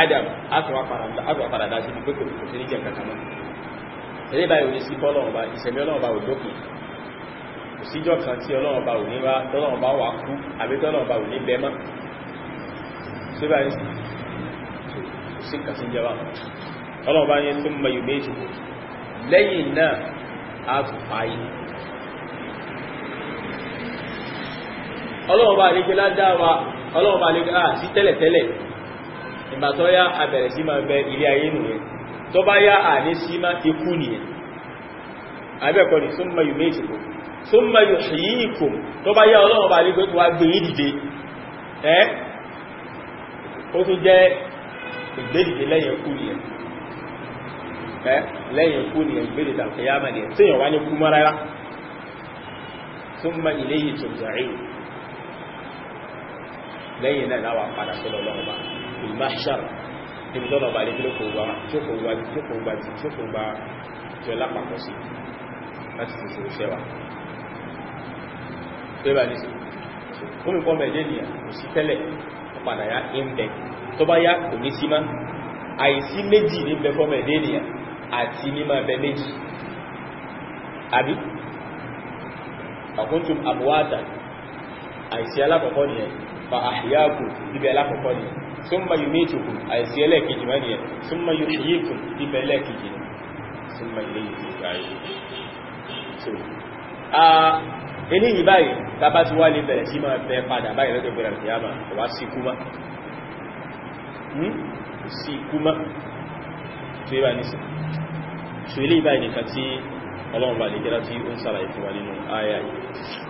Speaker 1: adam sí ibi kò sí jẹ́ kankan mọ́ báyìí ò ní sí ọlọ́ọ̀bá ò kò síjọ́ kan tí ọlọ́ọ̀bá ò ní wá tọ́lọ́ọ̀bá wà kú àbí tọ́lọ́ọ̀bá ò ní bẹ mọ́ lẹ́yìn náà ọlọ́run bá lè gbẹ́lá dá wa ọlọ́run bá lè gbẹ́lá ah, sí tẹ́lẹ̀tẹ́lẹ̀ ìgbà tó yá abẹ̀rẹ̀ sí máa bẹ ilé ayé nìyẹn tó bá yá àní sí máa ti kú nìyẹn abẹ́ẹ̀kọ́ ni summa yumeetikum summa yuhyikum tó bá yá ọlọ́run bá lè gbẹ́lá gbé yín dìde ẹ́ ó lẹ́yìn náà láwà padà sọ́dọ̀ ọlọ́run bá ìmáṣàrù níbi tọ́lọ̀ ọba ilé tó kò gba tí ó kò gba tí ó kò gba tí ó kò gba jọ lápapọ̀ sí láti ti ṣe iṣẹ́ wa pé bá ní sí ó mi pọ́ mẹ́jẹ́ nìyà kò sí tẹ́lẹ̀ padà ya ìmbẹ̀ tó bá yá kò ní sí má àìsí méjì ní bẹ fọ́ mẹ́jẹ́ nìyà àti mímọ̀ bẹ méjì àbí àkúntùm àmúwádà àìsí alákọ̀ọ́kọ́ nìyẹn fa àhíyákù ibi alákọ̀ọ́kọ́ ni summa yumitukun àìsí ẹlẹ́ẹ̀kejì mẹ́ni ẹ̀ summa yuhyikun ibi ẹlẹ́ẹ̀kejì ni summa ilayhi turja'un so a eléyìí báyìí tàbá ti wá lè bẹ̀rẹ̀ sí máa bẹ padà báyìí lọ́dọ̀ bẹ̀rẹ̀ sí àmà kò wá sí kúmá hm? sí kúmá tó yẹ bá ní sí so eléyìí báyìí nìkan tí ọlọ́run bá lè gẹ́lá tí ó ń sára ìfúnwa nínú áyà yìí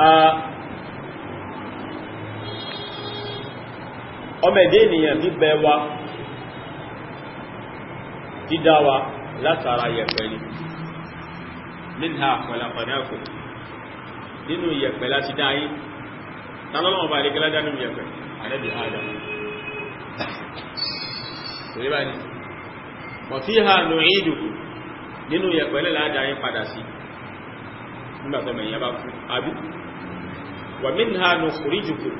Speaker 1: ọmọ ẹ̀dẹ́ ènìyàn bíbẹ wa dídá wa látara yẹ̀pẹ̀ ni minha khalaqnakum nínú yẹ̀pẹ̀ láti dá yín tánàlọ́wọ́ bá ìrẹ́gẹ́lá dá yẹ̀pẹ̀ àrẹ́bì adam wa fiha nu'idukum nínú yẹ̀pẹ̀ lẹ́lá dá padà sí nígbàtọ́mọ̀ ìyẹn bá kú àbí wà mínà nù orí jùkú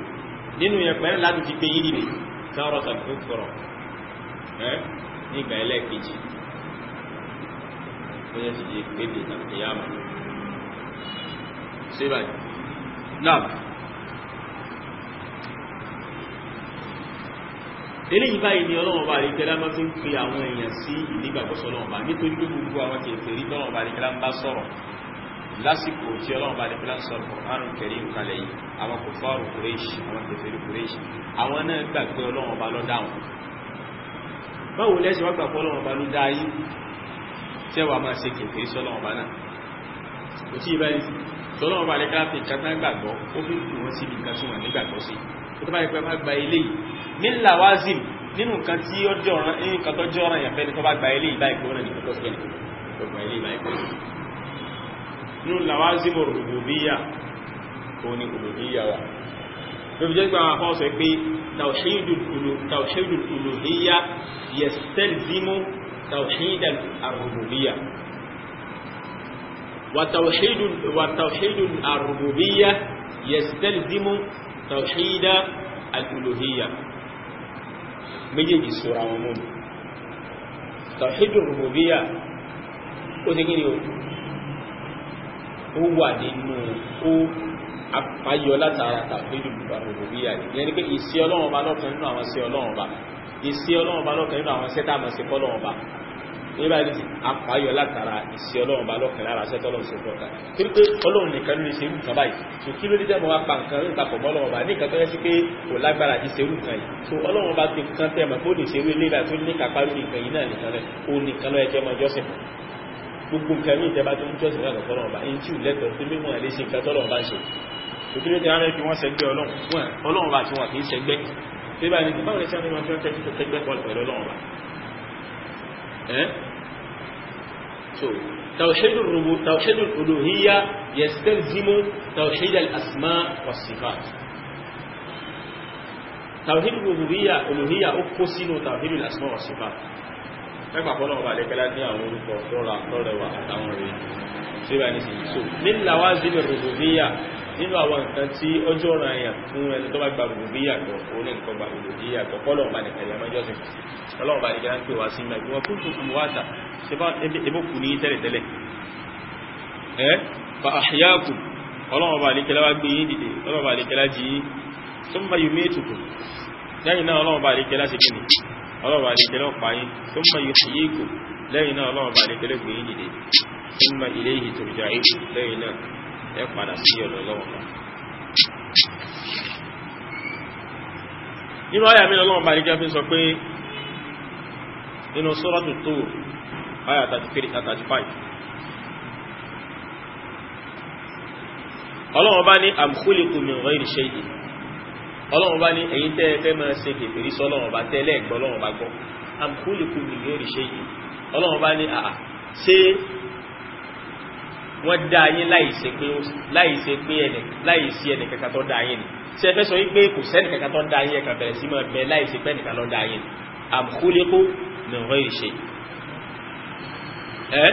Speaker 1: nínú yẹpẹ̀ láti ti pé yìí nì tààrọ̀ tàbí fọ̀rọ̀ nígbà ẹlẹ́ẹ̀kejì ó yẹ ti di pébì tàbí yàmà ṣé báyìí náà eléyìí báyìí ni ọlọ́wọ́n bá rí kẹlá máa fi ń pe àwọn èèyàn sí ìdígbàgbọ́sọ́ ọlọ́wọ́n bá nítorí gbogbo àwọn kẹfẹ́ rí tọ́lọ́wọ́n bá rí kẹlá ń bá sọ̀rọ̀ lásìkò tí ọlọ́run bá dẹ̀kọ́lá sọ Al-Qur'an Karim kalẹ̀ yìí àwọn kò fọ́ọ̀rù kúrèṣì àwọn kẹfẹ́rí kúrèṣì àwọn náà gbà pé ọlọ́run ọba ló dá wọn báwo lẹ́sẹ̀ wọ́n gbà pé ọlọ́run ọba ló dá yín tẹ́wàá máa ṣe kẹfẹ́rí sọ́lọ́run ọba náà kò tí ì bá yìí tọ́lọ́run ọba dẹ̀kọ́lá fi kátà gbàgbọ́ ó fi kù wọ́n síbi nǹkan tí wọ́n nígbàgbọ́ sí ó tó bá yẹ pé má gba ilé ní làwázìm nínú nǹkan tí ó jọ̀ràn nǹkan tó jọ̀ràn yàfẹ́ ni tó bá gba ilé yìí báyìí rẹ̀ nìkan tó fẹ́ nínú làwázìmù rùbùbíyà òun ni rùbùbíyà wà ló fi jẹ́ pé àwọn afọ́sọ̀ pé tàwṣídùl uluhiyya yastalzimu tàwṣídùl ar-rububiyya wa tàwṣídùl ar-rububiyya yastalzimu tàwṣídà al méjèèjì sọ́ra wọn mú ó wà nínú ó ayọ látara tàbílù rúbíyà ìyẹn ni pé ìsí ọlọ́run ọba lọ́kàn nínú àwọn sí ọlọ́run ọba ìsí ọlọ́run ọba lọ́kàn nínú àwọn sẹ́tà àmọ́ sí fọ́lọ́run ọba nígbà tí apayọ látara ìsí ọlọ́run ọba lọ́kàn lára sẹ́tà ọlọ́run sí fọ́lọ́run ọba kí pé ọlọ́run nìkan ló lè ṣe irú nǹkan báyìí tó kí ló dé dẹ́mọ̀ wá pa nǹkan nípa pọ̀ mọ́lọ́run ọba ní nǹkan tó yẹ sí pé kò lágbára ti ṣe irú nǹkan yìí tó ọlọ́run ọba ti nǹkan tẹ̀ mọ́ kó lè ṣe irú eléyìí tó ní kápá lórí gbogbo nǹkan ní ìtẹ́bá tó ń jọ́sí láàrín ọ̀pọ̀lọ́ ọba èyí tí ò lẹ́tọ̀ tó mímú àlé sí nǹkan tọ́lọ̀ ọba ṣe òkúrò tí a rẹ̀ kí wọ́n ṣẹgbẹ́ ọlọ́run ọba àti wọn kì í ṣẹgbẹ́ tí bá ní báwọn ẹ̀ṣẹ́ àwọn ọmọ tí wọ́n tẹ́gbẹ́ ó kó sínú tawhidul asma was mẹ́fà fọ́nà ọba àdẹ́kẹ́lá ní àwọn orúkọ tọ́ra tọ́rẹwà àtàwọn rẹ̀ tí bá ní sí so nílà wá sí rògbòdíyà nínú àwọn nǹkan tí ọjọ́ ọ̀rọ̀ àyàn fún ẹni tó bá gba rògbòdíyà gbọ́ òun ní nǹkan gba rògbòdíyà gbọ́ kọ́lọ̀ ọba nìkan ìyàmọ́ jọ́sìn ọlọ́run ọba nìkan ń pè wá sí mẹ́gbẹ́ wọn kún tuntun wá tà ebó kù ní tẹ́lẹ̀tẹ́lẹ̀ ẹ fa àhíyákù ọlọ́run ọba nìkan wá gbé yín dìde ọlọ́run ọba nìkan jí tó ń ọlọ́ọ̀bà àdìkẹ́lẹ́ ọ̀pá yín tó mọ ìyí kù lẹ́yìn náà ọlọ́ọ̀bà àdìkẹ́lẹ́ gbé yín dìde tó mọ ilé yìí tó jà ìkù lẹ́yìn náà ẹ padà sí ọ̀dọ̀ ọlọ́ọ̀bà. nínú àyà mi ọlọ́ọ̀bà àdìkẹ́ fi sọ pé nínú Suratu Tur àyà 33-35 ọlọ́ọ̀bà ní am khuliqu min ghayri shay'in ọlọ́run bá ní ẹ̀yin tẹ́ ẹ fẹ́ máa ṣe kèfèrí sọ ọlọ́run bá tẹ́lẹ̀ gbọ́ ọlọ́run bá gbọ́ àmúkúlùkù nìyẹn rí ṣe yìí ọlọ́run bá ní àà ṣé wọ́n dá yín láìṣe pé láìṣe pé ẹnì láìsí ẹnì kankan tó dá yín ni ṣe fẹ́ sọ wípé kò sẹ́nì kankan tó dá yín ẹ̀kan bẹ̀rẹ̀ sí máa bẹ láìṣe pé ẹnì kan dá yín ni àmúkúlùkù nìyẹn ṣe ẹ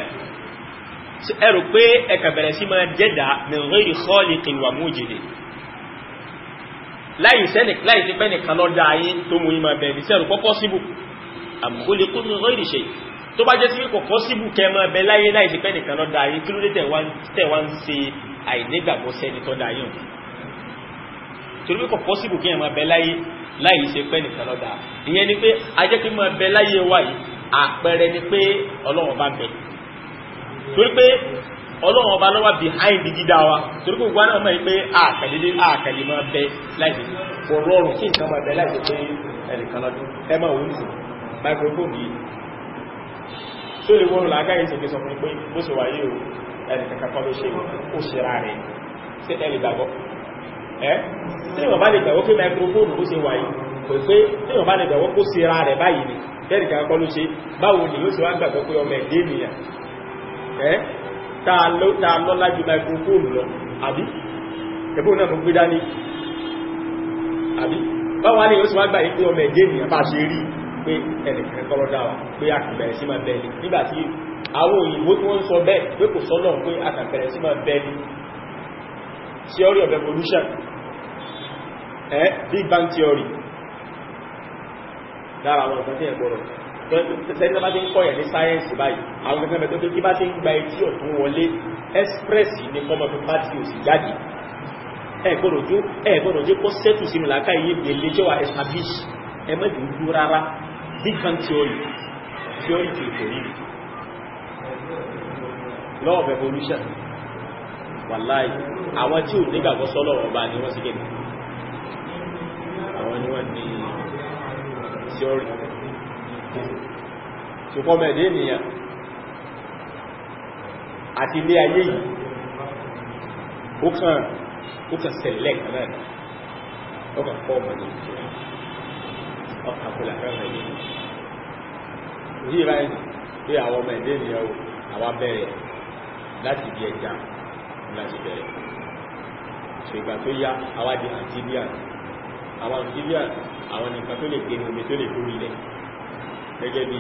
Speaker 1: ẹ rò pé ẹ̀kan bẹ̀rẹ̀ sí máa jẹ́dà nìyẹn rí khaliqin wa láì sẹ́nì láì ti pẹ́ nìkan lọ́dá ayé tó mú ìmọ̀ bẹ̀rẹ̀ sí ẹ̀rù pọ́pọ́ síbù àmúkólé kó ní ọ̀rìn ìṣe tó bá jẹ́ sí pọ̀pọ́ síbù kẹmọ bẹ láyé láì ti pẹ́ nìkan lọ́dá ayé kí ló dé tẹ̀wá ń ṣe àìnígbàgbọ́ sẹ́ni tọ́dá ayé hàn torí pé pọ́síbù kí ẹ̀mọ̀ bẹ láyé láì ṣe pẹ́ nìkan lọ́dà ìyẹn ni ọlọ́run ọba lọ́wà behind dídá wa torí kò gbá náà mọ́ pé àkàlélé àkàlè máa bẹ láìsí ọ̀rọ̀ ọ̀rùn kí nǹkan máa bẹ láìsí pé ẹnìkan lọ́dún ẹ máa microphone yìí tó lè wọ́n làágá yìí ṣèké sọ fún pé bó ṣe wáyé o ẹnìkan kan ló ṣe ó ṣe ra microphone bó ṣe wáyé kò pé tí wọ́n bá lè gbàgbọ́ pé ó ṣe ra rẹ̀ báyìí ni bẹ́ẹ̀ni kan kọ́ ló tá a lọ́lá ju microphone lọ àbí ẹ̀bùn náà fún gbé dání àbí báwọn alẹ́ oṣù wágbà yìí pé ọmọ ẹ̀jẹ̀ ènìyàn bá ṣe rí pé ẹnìkan kọ́ lọ́dá wa pé àkàbẹ̀rẹ̀ sí máa bẹ̀ẹ̀lì nígbàtí àwọn òyìnbó tí wọ́n sọ bẹ́ẹ̀ pé kò sọ́nà pé àkàbẹ̀rẹ̀ sí máa bẹ̀ẹ̀lì theory of evolution eh big bang theory lára àwọn ọ̀gbọ̀n tí ẹ̀gbọ́rọ̀ sẹ́yìn tó bá ti ń kọ́ yẹ̀ ní sáyẹ́ǹsì báyìí àwọn gẹ́gẹ́ mẹ́tọ́ tó kí bá ti ń gba etí ọ̀tún wọlé express ní kọ́mọ̀ tó bá ti òsì jáde ẹ̀gbọ́dọ̀ jẹ́ kó sẹ́tù sínú làákà yìí gbèlé jẹ́wà establish ẹmẹ́dùn dú rárá deacon theory theory to theory law of evolution wàláì àwọn tí ò nígbàgbọ́ sọ́lọ̀ ọba ni wọ́n sì kéde àwọn ni wọ́n ṣùgbọ́n mẹ́dé ènìyàn àti ilé ayé yìí ó kàn ó kàn select náà ó kàn fọ́ ọmọdé ọkàkùlà rẹ̀ mẹ́dé yìí ráyìí pé àwọn mẹ́dé ènìyàn àwa bẹ̀rẹ̀ láti di ẹja láti bẹ̀rẹ̀ ṣègbà tó yá àwa di amphibian àwọn amphibian tó lè gbé ní omi tó lè gbórí lẹ̀ gẹ́gẹ́ bí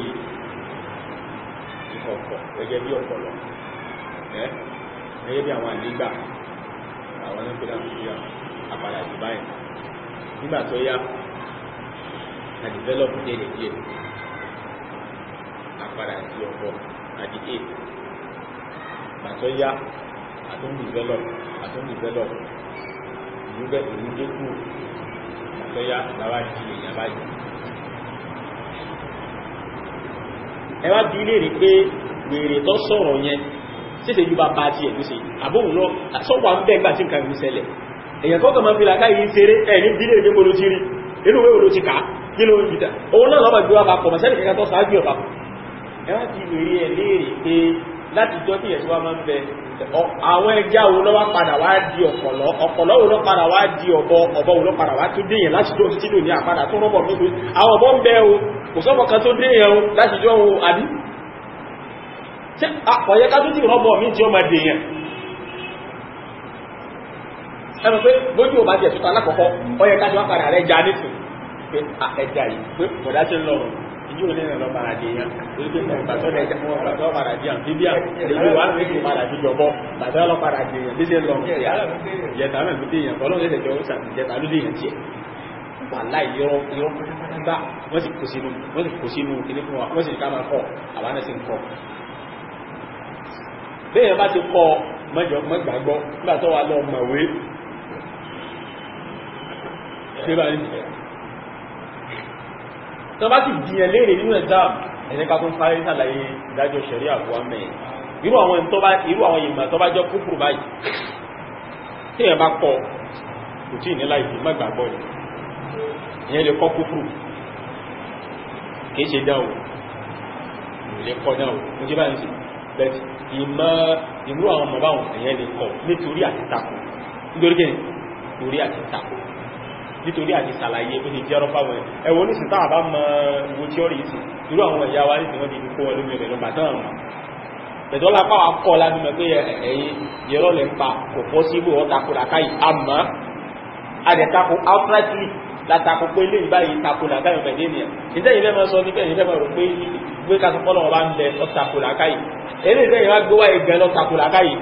Speaker 1: ìkọ̀kọ̀ gẹ́gẹ́ bí ọ̀pọ̀lọ̀ gẹ́gẹ́ bí àwọn àdígbà àwọn onípínlẹ̀ àmúṣíyà àpàdà jù báyìí nígbà tó yá a develop díẹ̀ díẹ̀ àpàdà sí ọ̀pọ̀ àti 8 nígbà tó yá àtún develop àtún develop ìlú bẹ́ẹ̀ ìlú dínkù nígbà tó yá làwọn àti èèyàn báyìí ẹ wá bí léèrè pé wèrè tó sọ̀rọ̀ yẹn síse ju bàbá àti ẹ̀lú se àbóhùn lọ sọ́wọ́ ń bẹ́gbà tí nǹkan ìrúsẹlẹ̀ èyàn kọ́kọ̀ máa fi làkà yìí ṣeré ẹ̀ní bí léèrè gbogbo lójírí inú wé olójí ká kí ló ń jìdá òun náà lọ́mọ ìgbéwà papọ̀ mọ̀sẹ́lẹ̀ kẹta tó sáájú ọ̀pá ẹ wá ti wèrè ẹ̀ léèrè pé láti jọ́ tí ẹ̀sùn wa máa ń bẹ àwọn ẹja wo lọ́wọ́ padà wá di ọ̀pọ̀lọ́ ọ̀pọ̀lọ́ wo lọ́ padà wá di ọ̀bọ ọ̀bọ wo lọ́ padà wá tún déyàn láti tó títí lò ní àpadà tó rọ́bọ̀ mí pé àwọn ọ̀bọ ń bẹ o kò sọ́bọ̀ kan tó dé ẹ̀hùn láti jọ ohun àbí tí àpọ̀yẹ ká tó ti rọ́bọ̀ mí tí ó máa dèèyàn ẹnu pé bójú ò bá jẹ̀ tó alákọ̀ọ́kọ́ ọyẹ ká ti wá padà rẹ̀ já nítùn pé ẹja yìí pé bọ̀dá ti lọ ìjú ò nínú ọ̀pàdà dèèyàn torí pé ìgbàsọ́dẹ̀ ẹja fún ọ̀pàdà ọ̀pàdà dèèyàn bíbí à lèyí wà ní ìpàdà jíjọbọ̀ bàtà ọlọ́pàdà dèèyàn bí ṣe lọ yẹ̀tà náà ló dèèyàn ọlọ́run lè jẹ́ ọ̀sán ìjẹta ló dèèyàn tiẹ̀ wà láì yọ ń bá wọ́n sì kò sínú wọ́n sì kò sínú ilé fún wa wọ́n sì ká máa kọ́ àwọn náà ń kọ́ bẹ́ẹ̀ bá ti kọ́ mọ́gbàgbọ́ nígbà tó wà lọ mọ̀wé tó bá ní ìyẹn lè kọ́ kúkúrú kìí ṣe dánwò lè kọ́ dánwò ní ṣe bá ń ṣe but ìmọ̀ ìmú àwọn ọmọ báwọn èèyàn lè kọ́ nítorí àti takò nítorí kí nítorí àti takò nítorí àti sàlàyé ó ti jẹ́rọ fáwọn ẹ̀wọ̀n ní sìtá àbá mọ owó tí ó rí sí irú àwọn ẹ̀yà wa nìsìn wọ́n ti kó wọn lómi ẹ̀rọ bàtán àwọn ẹ̀tọ́ lápá wa kọ́ lábímọ̀ pé ẹ̀yìn yẹ̀rọ lẹ̀ kò pọ́ sí ibò ọ̀takùnrakáyì àmọ́ adẹ̀takùn outrightly látàkó pé lè báyìí tako làkàyè ọmọ ẹdẹ nìyẹn ìdẹ yìí fẹ́ máa sọ ní bẹ́ẹ̀ yìí fẹ́ máa rò pé ìwé kásán kọlọ wọn bá ń bẹ ọtako làkàyè eré ìdẹ yìí wá gbé wáyé gan lọtako làkàyè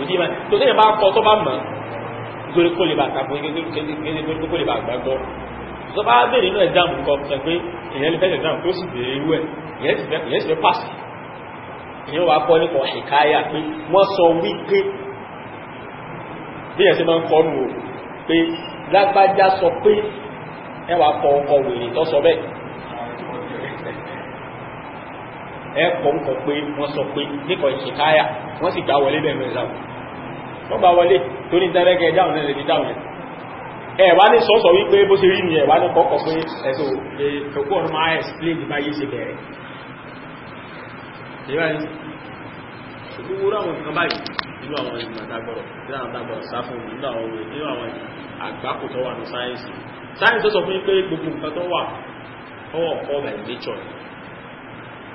Speaker 1: òjì máa tó sẹ́yìn bá kọ tó bá mọ nítorí kó lè bá tako nítorí kó lè bá gbàgbọ́ tó bá béèrè inú ẹ̀dáàmù kọ sọ pé ìyẹn lè fẹ́ ẹ̀dáàmù tó sì dé ewu ẹ̀ ìyẹn sì fẹ́ pàṣẹ ìyẹn wà kọ́ nípa ìkáyà pé wọ́n sọ wípé bí ẹ̀ sí máa ń kọ́ nù o pé lágbájá sọ pé ẹ wàá kọ ọkọ wèrè tó sọ bẹ́ẹ̀ ẹ kọ ń pé wọ́n sọ pé níkọ̀ ìṣèkáyà wọ́n sì gbá wọlé bẹ̀rẹ̀ mẹ́ta wọ́n gbá wọlé tó ní dáhùn náà lè fi dáhùn náà ẹ̀wà ní sọ́sọ̀ wípé bó ṣe rí ní ẹ̀wà ní kọ́kọ́ pé ẹ̀tọ́ ẹ̀kọ́ ọ̀rọ̀ máa explain bá yé ṣe bẹ̀rẹ̀ ìwà ní ṣùgbúwúrú àwọn nǹkan báyìí nínú àwọn ìgbàdàgbọ̀rọ̀ àgbákò tó wà ní sáyẹ́nsì sáyẹ́nsì tó sọ fún pé gbogbo nǹkan tó wà ọwọ́ ọ̀kọ́ by nature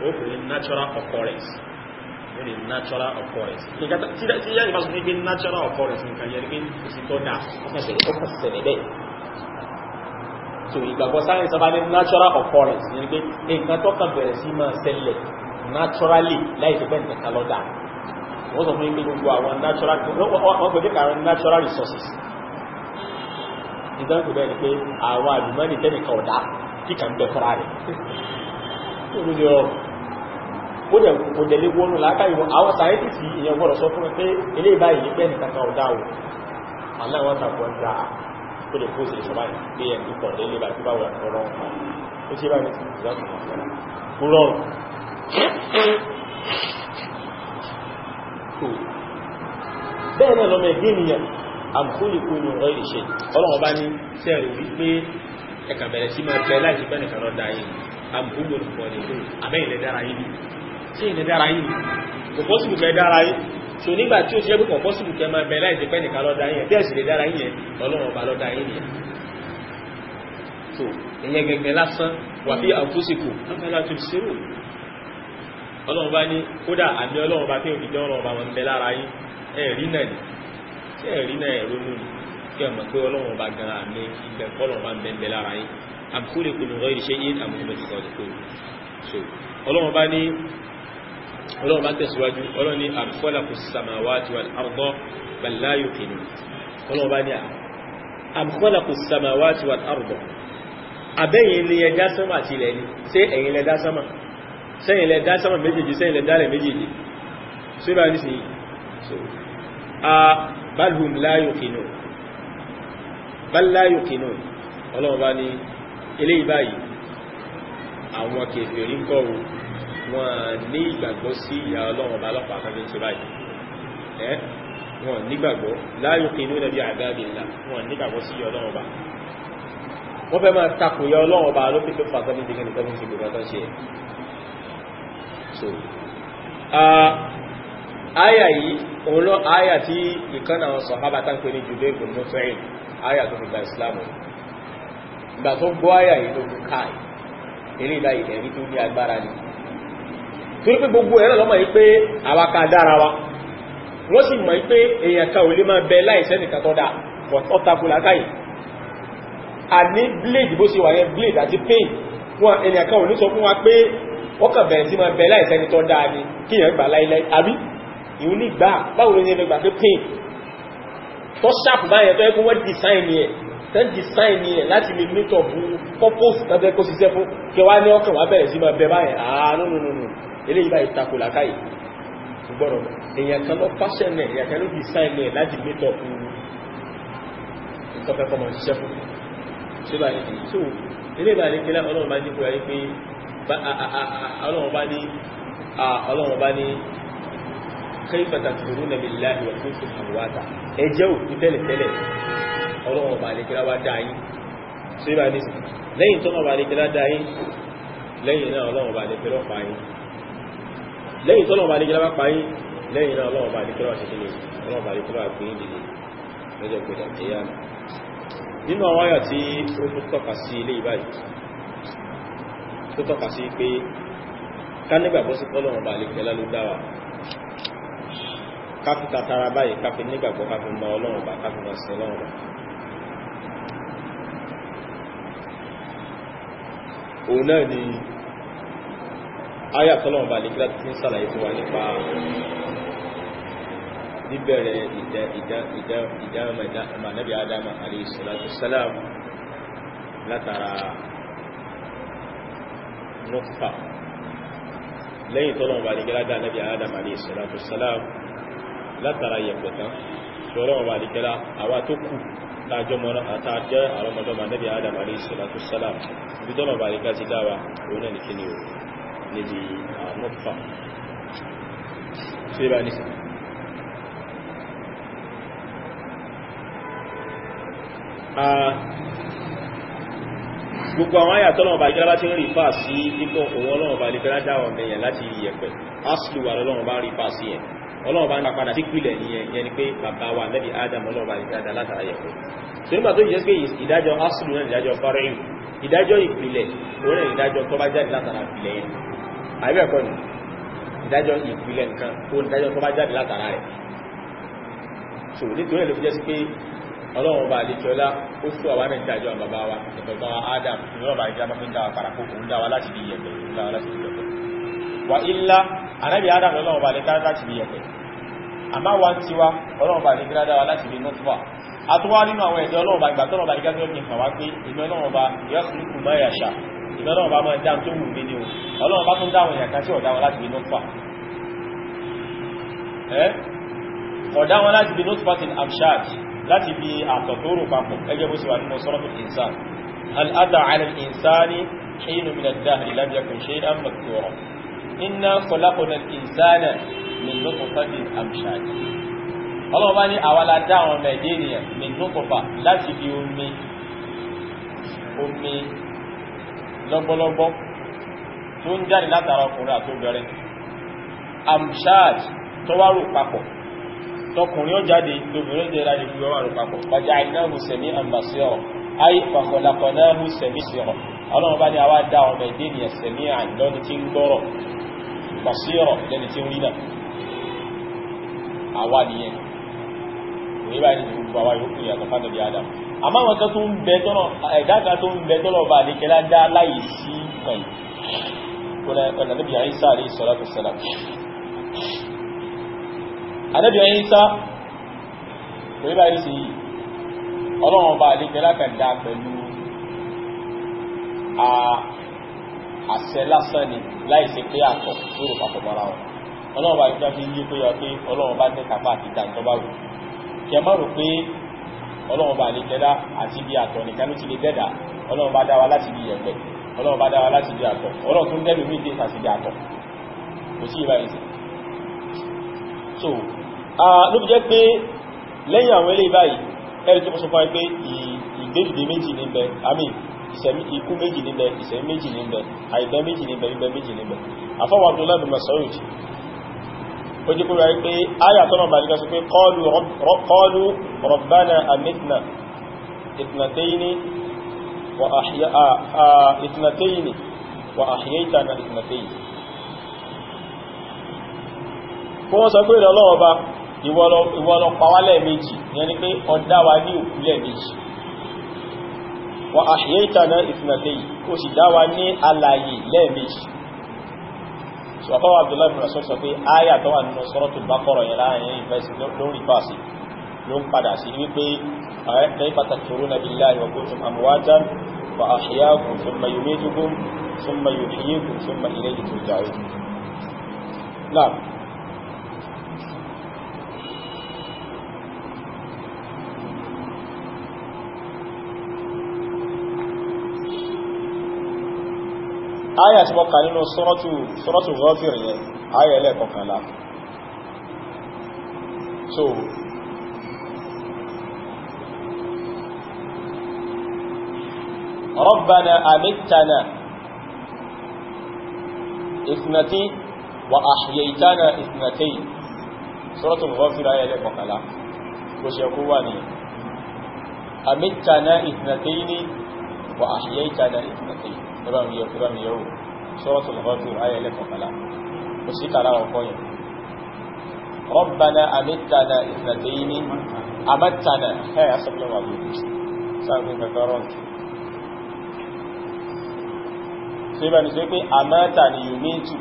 Speaker 1: ó pè ní natural occurrence ó ní natural occurrence tí yá ìbá sọ fún pé natural occurrence nǹkan yẹn pé kò sí tó dà ọkàn ṣẹlẹ̀ bẹ́ẹ̀ so ìgbàgbọ́ sáyẹ́nsì bá ní natural occurrence yẹn pé nǹkan tó kàn bẹ̀rẹ̀ sí máa ṣẹlẹ̀ naturally láì tó bẹ́ẹ̀ nǹkan kan lọ́dà wọ́n sọ fún natural wọ́n pẹ̀lú àwọn natural resources ìdánkù bẹ́ẹ̀ ni pé àwọn àlùmọ́nì tẹ́nìkan ọ̀dá tí kà ń bẹ fúnra rẹ̀ ó dẹ̀ kò dẹ̀ lé wọnú láàkàrí wọn àwọn sáyẹ́tìsì ìyẹn gbọ́dọ̀ sọ fún pé ilé ìbáyìí pẹ́ nìkan kan ọ̀dá o aláwọ̀ tàbí ọ̀dá tó lè fóòsì ìṣọ́bá pé ẹ̀ nípọ̀ délé bá tí bá wà ọ̀rọ̀ ọ̀pá ó tí bá ní ìjọ́sùn ọ̀sẹ̀lá rọrùn bẹ́ẹ̀ náà lọ́mọ ẹ̀gbẹ́ ènìyàn àmkúlìkú ní ọ̀rọ̀ ìṣe ọlọ́wọ́ bá ní sẹ́rù wípé ẹ̀kà bẹ̀rẹ̀ sí máa bẹ láti bẹ́ẹ̀ nìkan lọ́dà yìí àmkúlìkú ní ọ̀rọ̀ àbẹ́ ilẹ̀ dára yìí ni ṣé ilẹ̀ dára yìí kò pọ́sibù kẹ́ dára yìí so nígbà tí ó ṣe pé kò pọ́sibù kẹ́ máa bẹ láti bẹ́ẹ̀ nìkan lọ́dà yìí bẹ́ẹ̀ sì lè dára yìí yẹn ọlọ́wọ́ bá lọ́dà yìí ni so ìyẹn gẹ́gẹ́ lásán wà bí àfúsìkò afẹ́lá tó ṣerú ọlọ́wọ́ bá ní kódà àmì ọlọ́wọ́ bá tí òfin jẹ́ ọlọ́wọ́ bá wọn bẹ lára yìí ẹ̀rí náà ẹ̀rí náà ẹ̀rọ mú ni kí ẹ mọ̀ pé ọlọ́run ọba gan-an àmì ìfẹ́ kọ́lọ̀ máa ń bẹ̀ẹ̀ lára yín àbúkúrè kò ní rọ́ọ̀rì ṣe yín àmúhùnmọ̀ ti sọ̀rọ̀ kò so ọlọ́run ọba ní ọlọ́run bá tẹ̀síwájú ọlọ́run ní àbúkọ́lá kò samawati wal arda bal la yuqinun ọlọ́run ọba ní àbúkọ́lá kò samawati wal arda àbẹ́yìn ilé ẹja sánmà àti ilẹ̀ ni ṣé ẹ̀yin lẹ dá sánmà sẹ́yìn lẹ dá sánmà méjèèjì sẹ́yìn lẹ dá rẹ̀ méjèèjì ṣé bá ní sí so balhum láyòkínú balláyòkínú ọlọ́ọ̀bá ní ilé ìbáyìí àwọn kèfèrí ń kọrù wọn ní ìgbàgbọ́ sí ìyà ọlọ́ọ̀bá lọ́pàá kan ní ṣe báyìí ẹ́ wọn nígbàgbọ́ láyòkínú nàbí àgbàgbìlá wọn nígbàgbọ́ sí ìyà ọlọ́ọ̀bá wọ́n fẹ́ máa takò ìyà ọlọ́ọ̀bá ló fi tó fàtọ́ ní dìgbẹ́ nìkan áyà yìí òun lọ áyà tí ìkan àwọn sọ̀hábà tán pé ní jùlọ ìgbò ní fẹ́yìn áyà tó fi gba ìsìlámù ìgbà tó gbọ́ áyà yìí tó fi káì eré ìgbà ìdẹ̀rí tó ní agbára ni torí pé gbogbo ẹ̀rọ lọ́mọ yìí pé àwa ká dára wa wọ́n sì mọ̀ pé èèyàn kan ò lè máa bẹ láìsẹ́ nìkan tó dáa ọ̀tàkùn làkáyìí àní blade bó ṣe blade àti pain wọn ènìyàn kan ò ní sọ fún ni kíyàn gbà láìláì àbí ìhun ní gbà báwo ló ní ẹgbẹ́ gbà pé pain tó ṣàpù báyẹn tó yẹ kó wọ́n design yẹn tán design yẹn láti lè mítọ̀ bú purpose tàbí kó ṣiṣẹ́ fún kẹwàá ní ọkàn wà bẹ̀rẹ̀ sí máa bẹ báyẹn àà ah, no no no no eléyìí báyìí takò làkáyì gbọ́dọ̀ èèyàn kan lọ fashion ẹ̀ èèyàn kan ló design yẹn láti mítọ̀ bú nǹkan fẹ́ kọ́ ọlọ́run bá ní kaifa takfuruna billahi wa kuntum amwata ẹ jẹ́ òkú tẹ́lẹ̀ tẹ́lẹ̀ Ọlọ́run ba le kira wa dá yín so ba ni lẹ́yìn tó ba le kira dá yín lẹ́yìn náà Ọlọ́run ba le kira pa yín lẹ́yìn tó Ọlọ́run ba le kira pa yín lẹ́yìn náà Ọlọ́run ba le kira wa ṣe kini Ọlọ́run ba le wa pin dìde lọ́jọ́ pé da nínú àwọn àyà tí ó tún tọ́ka sí ilé ìbáyìí tó tọ́ka sí pé ká nígbàgbọ́ sí Ọlọ́run ba le ló dá káfí tatara báyìí káfí nígbàgbọ́ káfí mọ ọlọ́run bá káfí mọ sí ọlọ́run bá. òun náà ni aya tọ́lọ́run bá lè kí láti ń sàlàyé fún wa nípa níbẹ̀rẹ̀ ìdáhùn mànàbí adama alayhi salatu salam látara nọ́fà lẹ́yìn tọ́lọ́run bá lè kí láti ń sàlàyé fún wa nípa látara yẹ̀pẹ̀ tán ṣọ́rọ̀ ọba àdìkẹ́lá àwa tó kù tájọmọ́nà àtàjẹ́ àrọmọdọ́mà nẹ́bí adam alayhi salatu salam ìdọ́nà ọba àdìkẹ́ ti dáwà òun náà nìkí ni ò níbi àmọ́fà ṣe bá nìsí gbogbo àwọn àyàtọ́ lọ́wọ́ bá ìgbà bá ti ń rí fà sí nígbà òun ọlọ́wọ́ bá ìgbà dáwà mẹ́yàn láti yẹ̀pẹ̀ aslu wà lọ́wọ́ bá rí fà sí yẹn ọlọ́run bá ń padà sí pìlẹ̀ yẹn ni pé bàbá wa lẹ́bi adam ọlọ́run bá ní dáadáa látara yẹ̀pẹ̀ so nígbà tó yẹ pé ìdájọ́ asùlù náà ìdájọ́ fọ́rẹ́yìn ìdájọ́ ìpìlẹ̀ òun náà ìdájọ́ tó bá jáde látara ìpìlẹ̀ yẹn àbẹ́ẹ̀kọ́ ni ìdájọ́ ìpìlẹ̀ nǹkan tó ìdájọ́ tó bá jáde látara rẹ̀ so nítorí ẹ̀ ló fi jẹ́ sí pé ọlọ́run bá lè jọlá ó sọ àwọn náà ìdájọ́ bàbá wa ìtọ̀gbọ́n adam ìrọ̀bà ìjábá fi ń dá wa parapọ̀ òun dá wa wa láti ànábì adam lọ́wọ́ bá lè kára láti bí ẹ̀pẹ̀ àmá wa ń tiwa ọlọ́wọ́ bá lè gíráda wa láti bí nọ́tíwà àtúwá nínú àwọn ẹ̀dọ́ ọlọ́wọ́ bá gbà tọ́lọ́wọ́ bá gíráda wa kàn wá pé ìmọ̀ ọlọ́wọ́ bá yọ kúrúkù mọ́ ẹ̀yàṣà ìmọ̀ ọlọ́wọ́ bá máa dáhùn tó wù mí ni o ọlọ́wọ́ bá tún dáhùn ẹ̀yà kan sí ọ̀dá wọn láti الإنسان هل على الإنسان حين من الدهر لم يكن شيئا مذكورا inna kọlákọ̀ọ́nà ìsánà min nutfatin amshaj ọlọ́run bá ní àwàlá dá àwọn ọmọ ẹ̀dẹ́ ènìyàn min nutfa láti fi omi omi lọ́gbọ́lọ́gbọ́ tó ń jáde látara ọkùnrin àtóbẹ̀rẹ̀ amshaj tó wá rò papọ̀ tọkùnrin ó jáde lóbìnrin jẹ́ ọlọ́run bá ní àwa dá ọmọ ẹ̀dẹ́ ní ẹ̀sẹ̀ ní àìlọ́ni tí ń gbọ́rọ̀ pàṣírọ̀ lẹ́ni tí ń rí náà àwa nìyẹn èyí bá ní gbogbo àwa yòókù yàtọ̀ fánàbí adam àmọ́ àwọn kan tó ń bẹ tọ́nà ẹ̀dá kan tó ń bẹ tọ́nà ọba àdékẹ́lá dá láì sí kan kọ̀nàbí àyíṣà àrí ìsọ̀látò sẹ́lá àdẹ́bí àyíṣà èyí bá ní sí ọlọ́run ọba àdékẹ́lá kan pẹ̀lú a àṣẹ lásán ni láì ṣe pé àtọ̀ tó rò papọ̀ mọ́ra wọn ọlọ́run bá ìjọba fi ń yí pé yọ pé ọlọ́run bá ní kápá àti ìjà ìjọba rò kí ẹ má rò pé ọlọ́run bá lè jẹ́dá àti ibi àtọ̀ nìkan ló ti lè dẹ́dà ọlọ́run bá dá wa láti ibi yẹ̀pẹ̀ ọlọ́run bá dá wa láti ibi àtọ̀ ọlọ́run tó ń dẹ́lu mí dé fàṣì ibi àtọ̀ kò sí ìbáyìí sí. so ló fi jẹ́ pé lẹ́yìn àwọn eléyìí báyìí ẹ̀rí tó sọ fún wa pé ìgbédìde méjì ní bẹ ikú méjì níbẹ̀ ìṣẹ̀mí méjì níbẹ̀ àìbẹ́ méjì níbẹ̀ ibẹ̀ méjì níbẹ̀ àfọwọ́ Abdullahi bin Mas'ud ó jẹ́ kó rẹ̀ pé ayà tọ́nà bá nígbà sọ pé qalu rabbana amitna itnatayni wa ahyaytana itnatayni kó wọ́n sọ pé ìrọ̀lọ́wọ́ bá ìwọ́lọ́ pàwálẹ̀ méjì yẹn ni pé ọdáwà ní òkúlẹ̀ méjì wa ahyaytana ithnatayn ó sì dá wa ní alààyè lẹ́ẹ̀mejì sọ̀fọ́wà abdullahi bin rasul sọ pé aya tó wà nínú suratul baqara yẹn láàrin ìfẹ́sì ló ń rípa sí ló ń padà sí wípé kayfa takfuruna billahi wa kuntum amwatan fa ahyaakum thumma yumitukum thumma yuhyikum thumma ilayhi turja'un aya tí wọ́n kà nínú suratu Ghafir yẹn aya ẹlẹ́kọ̀ọ́kànlá so ربنا أمتنا اثنتين وأحييتنا اثنتين سورة الغافر آية لك وقلا وشيكواني أمتنا اثنتين wa ahyaytana ithnatayn ẹbá mi yẹ ẹbá mi yẹ o suratul Ghafir ayé ẹlẹ́kọ̀ọ́kọ́lá kò sí tààrà ọkọ yẹn Rabbana amítana ithnatayn amátana ẹ̀ asọ́pẹ́ wà lórí sáàmì gbẹgbẹrọ ṣe bá ní sọ pé amáta ni yumitu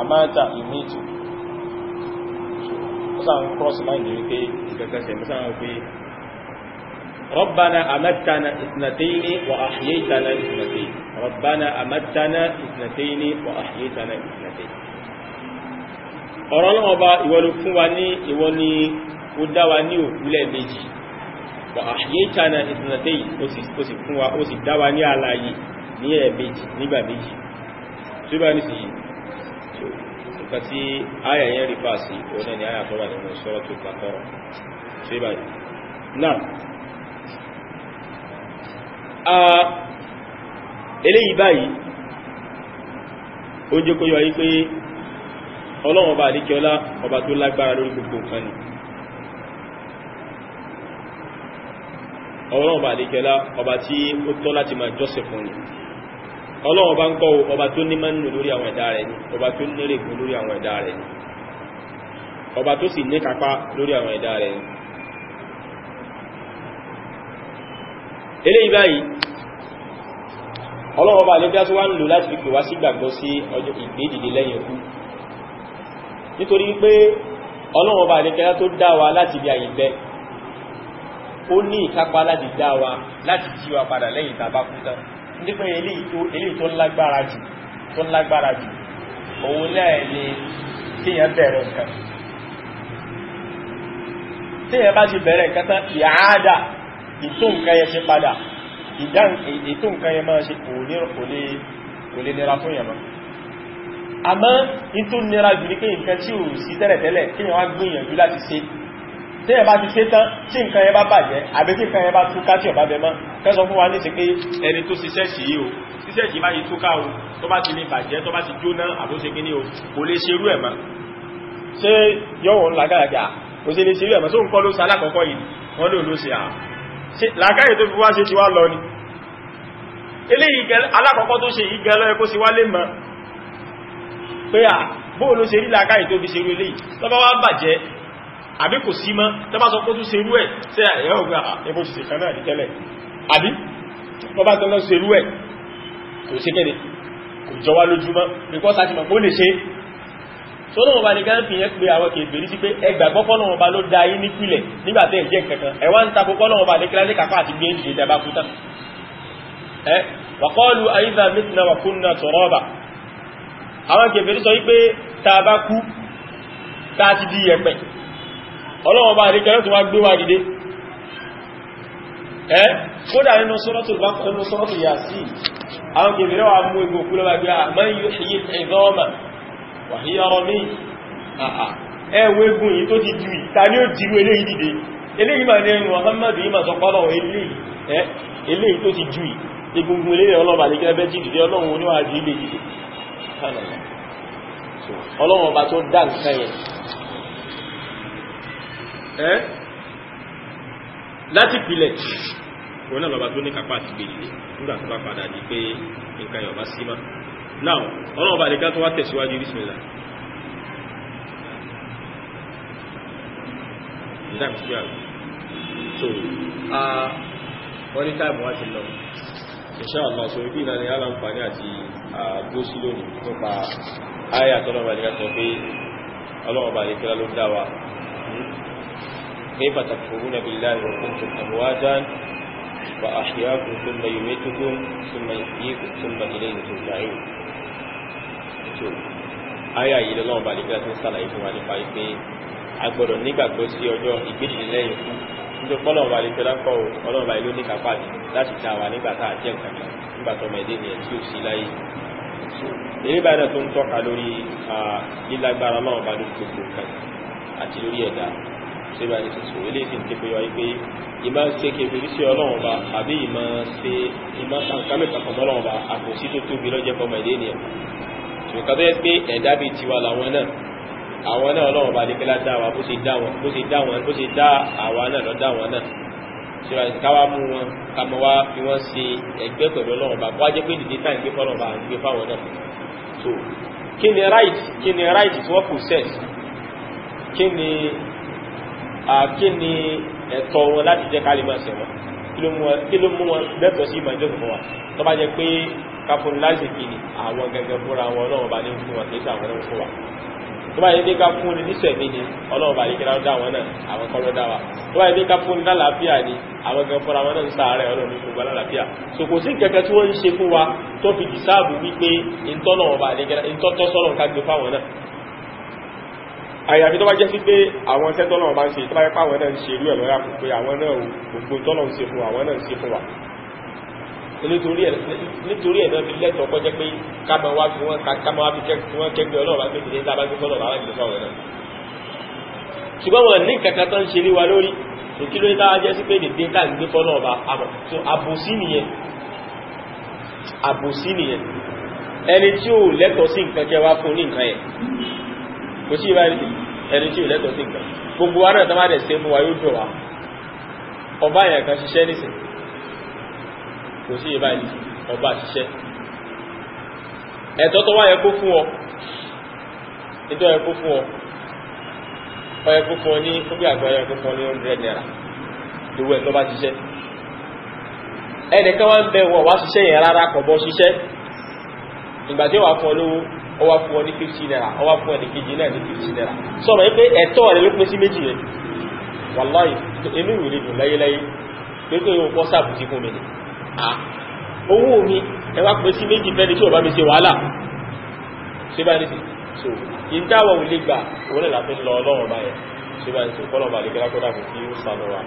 Speaker 1: amáta yumitu ó sáà ń cross mind wípé ìkẹ́kẹ́ sẹ̀ mú sáà ń ربنا أمتنا اثنتين وأحييتنا اثنتين ربنا أمتنا اثنتين وأحييتنا اثنتين ọ̀rọ̀ ọlọ́wọ́ bá ìwọ ló fún wa ní ìwọ ni ó dá wa ní òkúlẹ̀ méjì wà àṣíyétànà ìsìnàtẹ́ ó sì fún wa ó sì dá wa ní àlàyé ní ẹ̀ méjì nígbà méjì tí ó bá ní sí ìkà tí ayẹyẹ rí fásí òun ni ayàtọ́wà nínú sọ́rọ̀ tó gbàtọ́rọ̀ eléyìí báyìí ó jẹ́ kó yọ wípé ọlọ́run ọba àdíkẹ́ọlá ọba tó lágbára lórí gbogbo nǹkan ni ọlọ́run ọba àdíkẹ́ọlá ọba tí ó tọ́ láti máa jọ́sẹ̀ fún ni ọlọ́run ọba ń kọ́ ọba tó ní mẹ́nu lórí àwọn ẹ̀dá rẹ̀ ni ọba tó nírègùn ele báyìí ọlọ́wọ́ bá lè dáṣọ́ wá ń lò láti pè wá sí gbàgbọ́ sí ọjọ́ ìgbédìde lẹ́yìn ikú nítorí wípé ọlọ́wọ́ bá lè kẹ́lá tó wa láti bí àyè ó ní ìkápá láti wa láti ji wa padà lẹ́yìn tàbá ele ìtún nǹkan yẹ ṣe padà ìtún nǹkan yẹ máa ṣe kò lè nira fún yẹ̀mọ́ àmọ́ ìtún nira jù ní pé nǹkan tí ò sí tẹ́lẹ̀tẹ́lẹ̀ kí yẹn wá gbìyànjú láti ṣe tí ẹ bá ti ṣe tán tí nǹkan yẹ bá bàjẹ́ àbí tí nǹkan yẹ bá túká tí ọba bẹ mọ́ kẹ́sọ fún wa ní ti pé ẹni tó ṣiṣẹ́ sí yìí o ṣiṣẹ́ sí bá ti túká o tó bá ti ní bàjẹ́ tó bá ti jóná àbóṣe kí ní o kò lè ṣerú ẹ̀ mọ́ ṣé yọ̀wọ̀n lágàràgà kò sì lè ṣerú ẹ̀ mọ́ tó ń kọ́ ló ṣe alákọ̀ọ́kọ́ yìí wọ́n lò ló ṣe àwọn làkáyè tó fi wá ṣe ti wá lọ ni ilé alákọ̀ọ́kọ́ tó ṣe ìgẹ́ lọ́yẹ kó sí wá lè mọ́ pé à bóò ló ṣe rí làkáyè tó fi ṣerú ilé tọ́bá wá bàjẹ́ àbí kò sí mọ́ tọ́bá sọ kó tún ṣerú ẹ̀ sí àyẹ́ ọ̀gbà ẹbó ṣe kan náà nìtẹ́lẹ̀ àbí tọ́bá tọ́lọ́ ṣerú ẹ̀ kò ṣe kéde kò jọ wá lójúmọ́ because a ti mọ̀ pé ó lè ṣe tọ́lọ́wọ́n bá ní ká ń fi yẹn pé àwọn kèbèrè sí pé ẹgbàgbọ́ fọ́lọ́wọ́n bá ló da yín nípìlẹ̀ nígbàtẹ́ ìjẹ́ kankan ẹ̀wá ń takò fọ́lọ́wọ́n bá ní kíláṣẹ́ kápá àti gbé ìdíje dábà kú ẹ wàkọ́ọ̀lù àyíká mẹ́tìnà wà kún àwọn kèbèrè sọ wípé tá kú tá di yẹ̀pẹ̀ ọlọ́wọ́n wàhíyà rọmí ẹwẹ́gùn yìí tó ti ju ìta ní ó dìrú eléyìí dìde eléyìí máa ní ẹnu Muhammadu yìí máa sọ pọ́lọ̀ eléyìí tó ti ju egungun eléyìí ọlọ́run àlẹ́gẹ́rẹ́bẹ́ ti dìde ọlọ́run oníwà jí lè dìde ọlọ́run ọba tó dá nǹkan yẹn ẹ́ láti pìlẹ̀ òun náà lọ́ba tó ní kápá àti gbèdìde nígbà tó bá padà di pé nǹkan yọ̀bá símá now ọlọ́run bá lè ká tó wá tẹ̀síwájú bismillah so wọ́n ní táìmù wá ti lọ inshallah so ibi ìlànà aláǹfààní àti àgbóṣí lónìí nípa ayà tọ́lọ́run bá lè ká sọ pé ọlọ́run bá lè kí ló dá wa كيف تكفرون بالله وكنتم أمواجا وأحياكم ثم يميتكم ثم يحييكم ثم إليه ترجعون àyà yìí lọ́wọ́ bá nígbà tí ń sàlàyé fún wa nípa ìpé agbọ́dọ̀ nígbàgbọ́ sí ọjọ́ ìgbéṣì lẹ́yìn fún nítorí pọ́lọ̀wọ́ bá nígbà kọ́ ọlọ́wọ́ bá ilé oníkàpá láti ta wa nígbà tá àjẹ́ nǹkan nígbà tó mẹ́dé ni ẹ̀ tí ó sí láyé eré báyìí náà tó ń tọ́ka lórí lílágbára ọlọ́wọ́ bá lórí gbogbo nǹkan àti lórí ẹ̀dá ṣe bá ní sísò ilé ìsìn tí pé wáyé pé ìmá ṣe kèfèrí sí ọlọ́run bá àbí ìmá ṣe ìmá kàmẹ́ta kan ọlọ́run bá àkòsí tó tóbi lọ́jẹ́ fọmọ ìdí ènìyàn ṣùgbọ́n tó yẹ pé ẹ̀dá bíi tiwa làwọn náà àwọn náà ọlọ́run bá lékelá dá wa bó ṣe dá dá wọn bó ṣe dá àwa náà lọ dá wọn náà ṣe wáyé káwá mú wọn ká mọ wá fi wọn ṣe ẹgbẹ́ pẹ̀lú ọlọ́run bá wá jẹ́ pé dìde táì ni right kí ni ẹ̀tọ́ wọn láti jẹ́ ká lè máa sẹ̀wọ̀n kí ló mú wọn lẹ́tọ̀ọ́ sí ìmọ̀jọ́ fún wa tó bá jẹ́ pé káfún lásìkí ni àwọn gẹ́gẹ́ fúnra wọn ọlọ́run bá ní fún wọn kìí sàwọn ọlọ́run fún wa tó bá yẹ pé ká ni nísẹ̀mí ni ọlọ́run bá ní kí láwọn dá wọn náà àwọn ni lálàáfíà ní gbogbo wa tó fi dìsáàbù wípé ìtọ́nà ọba àdékẹ́lá ìtọ́tọ́sọ́lọ́ ká gbé fáwọn àyàfi tó bá jẹ́ sí pé àwọn iṣẹ́ tọ́lọ̀ bá ń ṣe tó bá yẹ pé àwọn náà ń ṣe irú ẹ̀ lọ́yà fún pé àwọn náà gbogbo tọ́lọ̀ ń ṣe fún àwọn náà ń ṣe fún wa nítorí ẹ̀ náà fi lẹ́tọ̀ọ́ kọjẹ́ pé káma wá fi wọ́n káma wá fi wọ́n kẹgbẹ́ ọlọ́run bá gbèsè nígbà bá gbé fọ́lọ̀ bá wà nílé fọ́lọ̀ náà ṣùgbọ́n wọn ní kankan tó ń ṣe lé wa lórí èkí ló dáa jẹ́ sí pé dèdè tá à ń gbé fọ́lọ̀ ọba àbòsí nìyẹn àbòsí nìyẹn ẹni tí ò lẹ́tọ̀ọ́ sí nǹkan jẹ́ wá fún ní nǹkan yẹn kò sí ìbáyìí ẹni tí ò lẹ́tọ̀ọ́ sí nǹkan gbogbo wa náà tó máa dẹ̀ ṣe fún wa yóò dùn wa ọba yẹn kan ṣiṣẹ́ nísìn kò sí ìbáyìí ọba ṣiṣẹ́ ẹ̀tọ́ tó wá yẹ kó fún ọ ìjọ yẹ kó fún ọ ọ yẹ kó fún ọ ní ó bí àgbà yẹ kó fún ọ ní 100 ẹ̀ ọwá fún ọ ní 50 naira ọwá fún ẹni kejì náà ní 50 naira sọ̀rọ̀ yí pé ẹ̀tọ́ rẹ̀ ló pín sí méjì yẹn wàláì inú ìrìn dùn láyéláyé pé pé òun kọ́ sáàbù sí fún mi ni owó mi ẹ wá pín sí méjì fẹ́ni tí ò bá mi ṣe wàhálà ṣé bá ní sí so ìdáwọ̀ ò lè gbà òun lè láti lọ ọlọ́run báyẹn ṣé bá ní sí kọ́lọ̀bà lè kẹ́lá kọ́dà kí ó sànù wa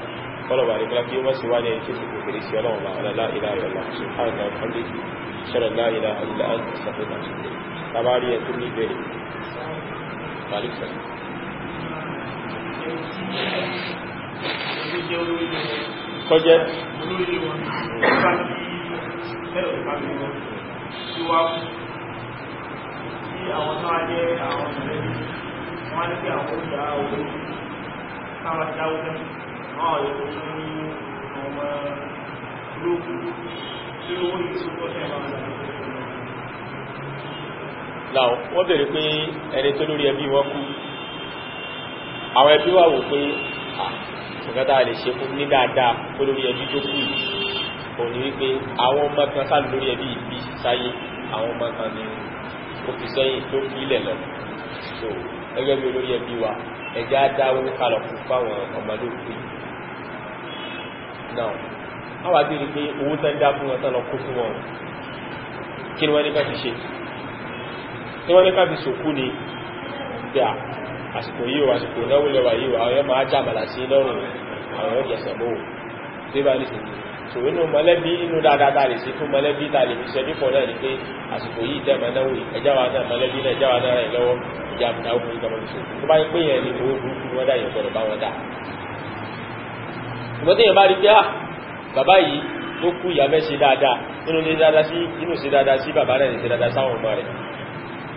Speaker 1: kọ́lọ̀bà lè kẹ́lá kí ó mọ́sí wá ní ẹni tí ó sì kòkèrè sí ọlọ́run bá ọ̀lá ìlà ìlà ṣùgbọ́n àwọn ọmọdé ṣẹlẹ̀ tàbárí ẹ̀ tó ní ìbẹ̀rẹ̀ tàrífẹ̀
Speaker 3: kọjẹ́ àwọn tó wá jẹ́ àwọn ọ̀rẹ́ wọ́n ní kí àwọn òṣà owó káwà dáwó jẹ́ àwọn ìlú ní ọmọ olóògùn tí ó wọ́n ní ìṣòkọ́ ẹ̀wọ̀n àgbàdo
Speaker 1: láwọ́ wọ́n bèèrè pé ẹni tó lórí ẹbí wọn kú àwọn ẹbí wà wò pé ọ̀gátà lè ṣe fún ní dáadáa kó lórí ẹbí tó kú òní wípé àwọn ọmọ kan sáà lórí ẹbí ìbí sáyé àwọn ọmọ kan ni ó fi sẹ́yìn tó fi ilẹ̀ lọ so ẹgbẹ́ bí olórí ẹbí wa ẹjẹ́ á dáwó kalọ̀ fún fáwọn ọmọdé òkú yìí náà àwọn àgbèrè pé owó tẹ́ ń dá fún wọn tán lọ kó fún wọn kí ni wọ́n ní ká ti tí wọ́n ní ká fi sòkú ni gbà àsìkò yíò àsìkò náwó lẹ́wà yíò àwọn ọmọ ajábàlá sí lọ́rùn àwọn ọjọ́sẹ̀ mọ́ débà ní sìnkú so inú mọ̀lẹ́bí inú dáadáa lè sí fún mọ̀lẹ́bí tà lè fi ṣẹ́bí pọ̀ náà ni pé àsìkò yìí tẹ́ mọ̀náwó ẹjáwà náà mọ̀lẹ́bí náà ẹjáwà náà rẹ̀ lọ́wọ́ ìjà àbùdá òkú ìjọba ìṣòro tó bá yẹ pé yẹn ni owó burúkú wọn dá yẹn gbọdọ̀ bá wọn dá. ìmọ̀tẹ́ yẹn bá rí pé ah, bàbá yìí tó kú ìyá mẹ́ ṣe dáadáa inú ṣe dáadáa sí bàbá náà ṣe dáadáa sáwọn ọmọ rẹ̀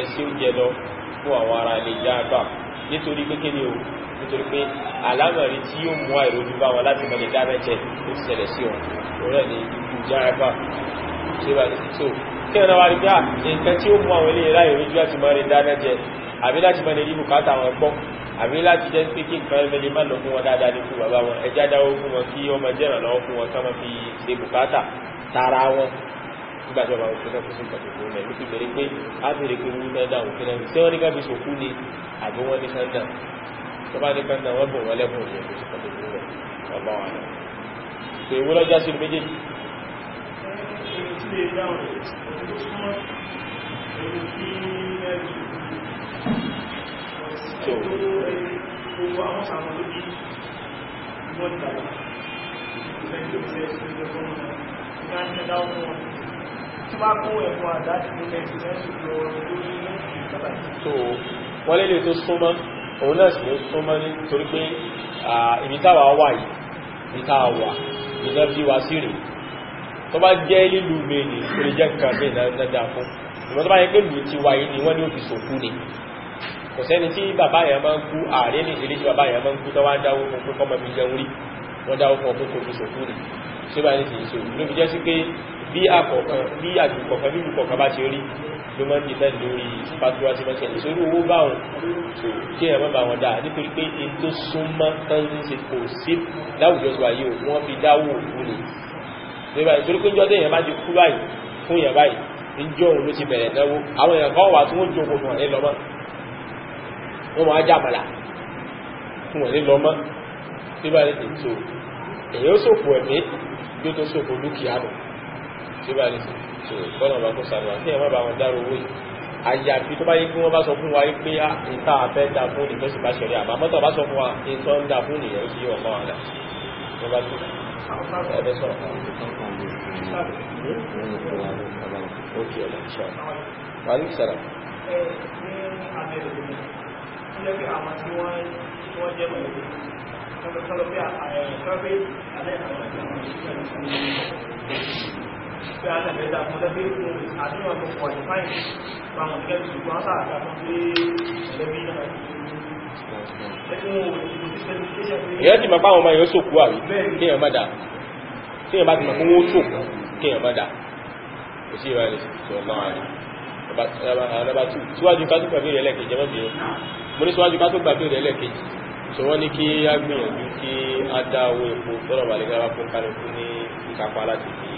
Speaker 1: ẹsí oúnjẹ lọ fún àwọn ará ilé jáàbà nítorí kékeré o nítorí pé alámọ̀rí tí yóò mú àìrójú bá wọn láti mọ̀lẹ̀ dámẹ́jẹ ó ṣẹlẹ̀ sí wọn òrẹ́ ní ikú jáàbà ṣe bá tó kí àbí láti jẹ́ pé kí nǹkan má lọ fún wọn dáadáa ní fún bàbá wọn ẹjá dáwó fún wọn kí ọmọ jẹ́rànlọ́wọ́ fún wọn ká fi ṣe bùkátà tara wọn nígbàjọba òṣèlú fún ìpàtàkì rẹ̀ ní pípẹ̀rí pé a bèèrè pé wọ́n ní ẹ̀dà òkè náà tí wọ́n ní gábí ṣòkú ni àbí wọ́n ní kanda tó bá ní kanda wọ́n bọ̀ wọ́n lẹ́bùn ní ẹ̀kọ́ ìpàtàkì rẹ̀ ọba wa náà pé wọ́n lọ́jà sí méjèèjì
Speaker 3: Thank so
Speaker 1: wọ́n lè lè tó súnmọ́ òun náà sì ló súnmọ́ ní torí pé ìbítàwà wà yìí ìbítàwà ìná bí wa sí rẹ̀ tó bá jẹ́ lílù mẹ́ni tó lè jẹ́ nǹkan mẹ́ náà fún ìwọ́n tó bá yẹ pé lù ti wà yìí ni wọ́n ní ó fi sòkú ni kò sẹ́ni tí bàbá yẹn máa ń kú ààrẹ ní ìdílé tí bàbá yẹn máa ń kú tó wá dáwó fún pé kọ́mọ fi jẹun rí wọ́n dáwó fún ọkùnkùn fi sòkú ni ṣé bá ní sì ń ṣe òun ló fi jẹ́ sí pé bí àkọ̀kan bí àjùkọ̀kan bí ìkọ̀kan bá ti rí ló máa ń di fẹ́ lórí pàtíwá tí wọ́n ṣe ìṣòro owó bá wọn tó kí ẹ̀rọ bá wọn dáa nítorí pé in tó súnmọ́ tánzí ṣe kò sí láwùjọ tó ayé wọ́n fi dáwò òkú ni nígbà ìtorí pé jọ́dẹ̀ èèyàn bá ti kú báyìí fún èèyàn báyìí níjọ́ òun ló ti bẹ̀rẹ̀ náwó àwọn èèyàn kan wà tí wọ́n jókòó fún wọn ní lọ́mọ́ wọ́n máa jàmàlà fún wọn ní lọ́mọ́ nígbà ìtò èèyàn ó ṣòfò ẹ̀mí yóò tó ṣòfò dúkìá náà tí bá ní tó kọ́nà bá kó sàrò àti ẹ̀mọ́ bá wọn dárò owó yìí àyàfi tó bá yí pé wọ́n bá sọ fún wa pé ah, nǹkan àfẹ́ dà fún ní fẹ́sì bá ṣẹlẹ̀ àmọ́ mọ́tò bá sọ fún wa nǹkan ń dà fún nìyẹn ó sì yí ọ̀pọ̀ àdá tó bá
Speaker 3: Thank you pé alẹ́fẹ́ dá fún lẹ́bí àdúrà tó pọ̀ ní fáìn fáwọn ìgbẹ́ ìṣùgbọ́n àtàkà tó pé ẹlẹ́bí náà èyàn ti mọ̀
Speaker 1: páwọn ọmọ èyàn sòkú àrí kéèyàn má dà kéèyàn bá ti mọ̀ fún wọn sòkú kéèyàn má dà kò sí ìwà ilẹ̀ sọ̀rọ̀ náà rí ọba síwájú ká tó gbàgbé rẹ̀ lẹ́ẹ̀kejì ẹmọ́bìnrin mo ní síwájú ká tó gbàgbé rẹ̀ lẹ́ẹ̀kejì so wọ́n ní kí á gbìyànjú kí á dá owó epo tọ́lọ̀ wà lẹ́gbẹ̀rẹ́ fún kálukú ní ìkápá láti fi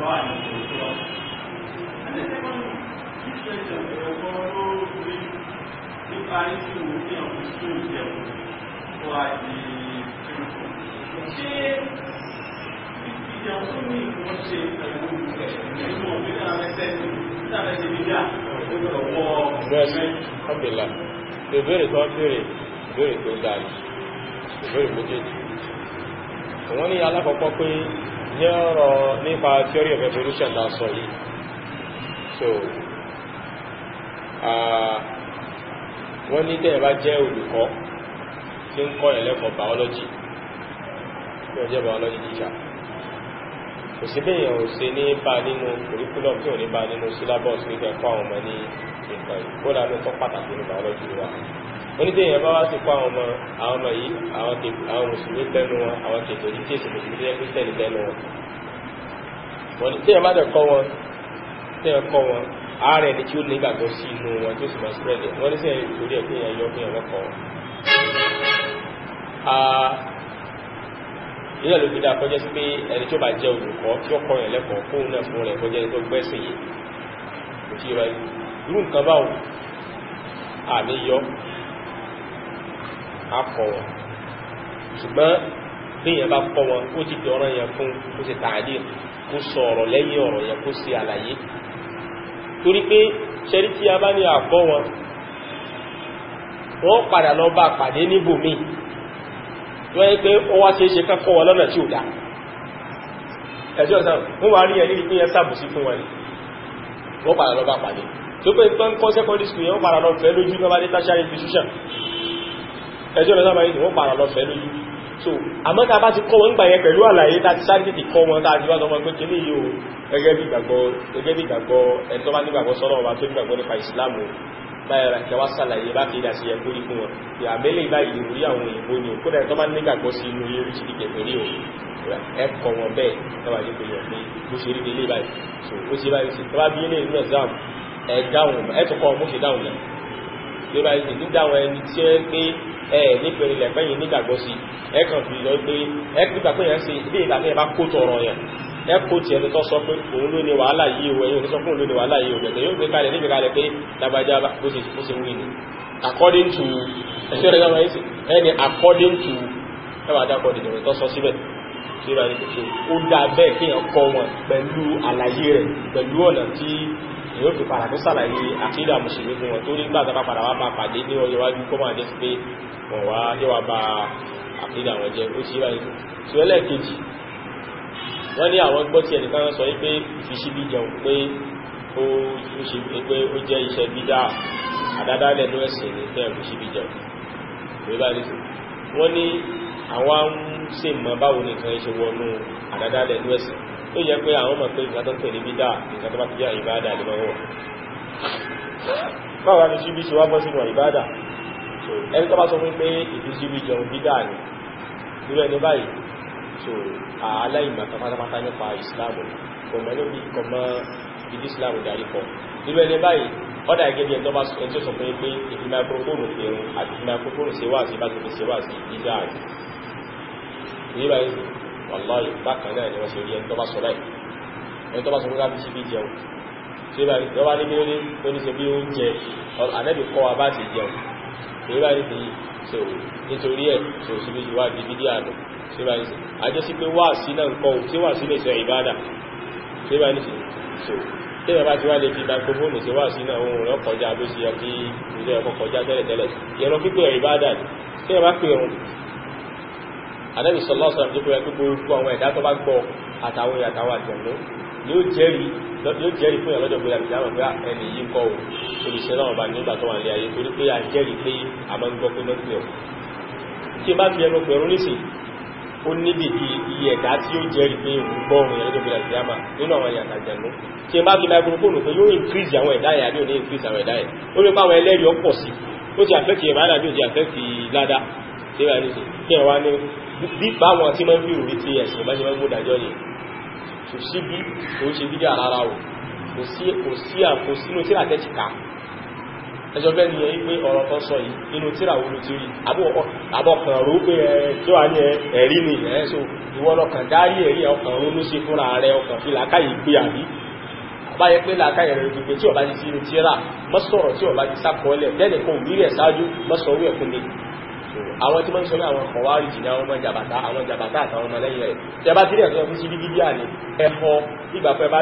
Speaker 3: why it was. And the second situation was also on the school level for the tó ń béèrè ìbéèrè
Speaker 1: tó dáa ìbéèrè Wọ́n ní alákọ̀ọ́kọ́ pé ní ọ̀rọ̀ nípa evolution la sọ so wọ́n ní tẹ́ẹ̀ bá jẹ́ olùkọ́ tí ń kọ́ ẹ̀lẹ́kọ̀ọ́ biology tí ó jẹ́ teacher kò sí bí èèyàn ò ṣe ní bá nínú curriculum tí ò ní bá nínú syllabus nígbẹ̀ẹ́kọ́ àwọn ọmọ ní onídẹ̀yìn bá wá sí pa àwọn ọmọ àwọn ọmọ yìí àwọn mùsùlùmí tẹnu wọn àwọn kètò yìí tí èsì mùsùlùmí tẹ́ kírísítẹ́nì tẹnu wọn wọn tí ẹ bá dẹ̀ kọ́ wọn tẹ́ ẹ kọ́ wọn ààrẹ ni tí ó nígbàgbọ́ sí inú wọn tó sì máa spread wọn ní sẹ́yìn nítorí ẹ̀ pé èèyàn yọ fún ẹ̀wọ́n kọ́ wọn. nígbà ló fi dáa kọjá sí pé ẹni tí ó bá jẹ́ olùkọ́ tí ó kọ́ yẹn lẹ́kọ̀ọ́ kóun náà fún rẹ̀ kọjá ẹni tó gbẹ́sìn yìí kò tí ì rẹ̀ irú nǹkan báwo àníyọ́ akọ̀ wọn ṣùgbọ́n bí èèyàn bá kọ́ wọn ó ti dọ̀rọ̀ yẹn fún kó ṣe tààdì kó sọ ọ̀rọ̀ lẹ́yìn ọ̀rọ̀ yẹn kó ṣe àlàyé torí pé ṣẹ́rí tí a bá ní àkọ́ wọn wọ́n padà lọ bá pàdé níbòmí tó yẹ pé ó wá ṣe é ṣe kọ́kọ́ wọn lọ́nà tí ò dá ẹjọ́ sáà wọ́n wá rí ẹni pé yẹn sàbòsí fún wọn ni wọ́n padà lọ bá pàdé tó pé nǹkan kọ́ secondary school yẹn wọ́n padà lọ fẹ́ lójú lọ́wọ́ dé tertiary institution ẹjọ́ lọ sábà yìí wọ́n pààrọ̀ lọ fẹ́ lójú so àmọ́ tá a bá ti kọ́ wọn gbà yẹn pẹ̀lú àlàyé tá a ti sáré tètè kọ́ wọn tá a ti wá sọ wọn pé kí níyìí o gẹ́gẹ́ bí ìgbàgbọ́ gẹ́gẹ́ bí ìgbàgbọ́ ẹni tó bá nígbàgbọ́ sọ́rọ̀ ọba tó nígbàgbọ́ nípa Islam o báyọ̀ rẹ̀ kí wá sàlàyé bá fi dà sí ẹkú rí fún wọn pé àmẹ́lẹ̀ báyìí orí àwọn òyìnbó ni o kódà ẹni so ó ṣe báyìí sí tọ́wá bí ilé ìlú exam ẹ̀ dáhùn ẹ̀ tó kọ́ ọ bó ṣe dáhùn ẹ nífẹ̀ẹ́ ilẹ̀ pẹ́yìn nígbàgbọ́ sí ẹ kàn fi lọ pé ẹ nígbà pé yẹn ṣe ilé ìlànà ẹ bá kó tọrọ yẹn ẹ kó tiẹ̀ ní tọ́ sọ pé òun ló ní wàhálà yìí o ẹ̀yìn oníṣọ́kùn ló ní wàhálà yìí o bẹ̀tẹ̀ yóò gbé kalẹ̀ níbi kalẹ̀ pé lágbájá bó ṣe bó ṣe wí ni according to ẹ̀ṣẹ́ rẹ̀ gbọ́dọ̀ yìí ẹni according to ẹ wà dákọ̀ dìde rẹ̀ tọ́ sọ síbẹ̀ tí ó dáa bẹ́ẹ̀ kéèyàn yóò fi padà tó sàlàyé àkídà mùsùlùmí fún wọn tó ní gbà tàbá padà wá máa pàdé ní ọjọ́ iwájú kọ́ máa jẹ́ sí pé wọ́n wá yíwa bá àkídà wọn jẹ ó ti yíwa yìí tí ó lẹ́ẹ̀kejì wọ́n ní àwọn gbọ́ tí ẹnìkan sọ pé ìfiṣíbí jẹun pé ó ṣe pé ó jẹ́ iṣẹ́ bídá àdádálẹ̀ ló ẹ̀sìn ní fẹ́ ìfiṣíbí jẹun wọ́n ní àwọn tó jẹ́ pé àwọn ọmọ pé nǹkan tó pè ní bídá nǹkan tó bá ti jẹ́ ìbáadà lè mọ́wọ́ báwa ni ṣíbí ṣe wá bọ́ sínú ìbáadà so ẹni tó bá sọ wípé ìfi ṣíbí jẹun bídá ni irú ẹni báyìí so aláìmọ̀ pátápátá nípa ìsìláàmù kò mọ̀ níbi kò mọ̀ ìdí ìsìláàmù darí pọ̀ irú ẹni báyìí ọ̀dà gẹ́gẹ́ bí ẹni tó bá sọ pé ìfi máikrófóònù fi àti ìfi máikrófóònù ṣe wá sí ìbá wàláyé bákan náà ni wọ́n ṣe rí ẹni tó bá sọ láì ẹni tó bá sọ pé káàbí sí bí jẹun ṣe bá yọ bá níbi lóní tó ní ṣe bí oúnjẹ ànẹ́bì kọ́ wa bá ti jẹun ṣe bá ní ti ṣe ò ẹ̀ ṣe òṣì bí wá di bídí àná ṣe bá ní ṣe àjọ sí pé wà sí náà nǹkan ò tí wà sí lè ṣe ìbádà ṣe bá ní ṣe ṣe tẹ́yẹ̀ bá ti wá lè fi microphone ṣe wà sí náà ohun rẹ̀ kọjá bó ṣe yẹ kí ilé ẹ̀kọ́ kọjá tẹ́lẹ̀tẹ́lẹ̀ Ànábì sallallahu alaihi wasallam jẹ́ pé gbogbo àwọn ẹ̀dá tó bá gbọ́ àtàwọn àtàwọn àjẹ̀mú yóò jẹ́rìí fún ìyàlọ́jọ́ gbogbo àti àwọn ìgbà ah, ẹni yìí kọ́ ò olùsẹ́ náà bá nígbà tó wà ní ayé torí pé a jẹ́rìí pé a máa ń gbọ́ pé mẹ́tì ọ̀ tí bá fi ẹnu pẹ̀rún nísìn ó níbi iye ẹ̀dá tí ó jẹ́rìí pé òun gbọ́ ohun ìyàlọ́jọ́ gbogbo àti àmà nínú àwọn ìyàtà jẹ̀mú tí bá fi pé yóò increase àwọn ẹ̀dá yà yóò ní increase àwọn ẹ̀dá yà ó ní pa àwọn ẹlẹ́rìí ọ̀pọ̀ sí ó ti affect ìyàmá bí báwọn tí máa ń fi òrí ẹ̀sìn bá ṣe máa yìí kò sí bí kò ṣe bí díà rárá o kò sí kò sí àkó sínú tíra tẹ́tìká ẹjọ́ bẹ́ẹ̀ nìyẹn pé ọ̀rọ̀ kan sọ yìí nínú tíra wo ló ti rí àbọ̀kàn pé ẹ tó wà ní ẹ̀rí ni àwọn tí wọ́n ń sọ ní àwọn kọ̀wárì jì ní àwọn ọmọ jàbàtà àwọn jàbàtà àtàwọn ọmọ lẹ́yìn rẹ̀ jẹba tí ẹ̀sọ́ fún sí bíbí
Speaker 2: díà ní ẹ̀fọ́ ìgbàfẹ́ bá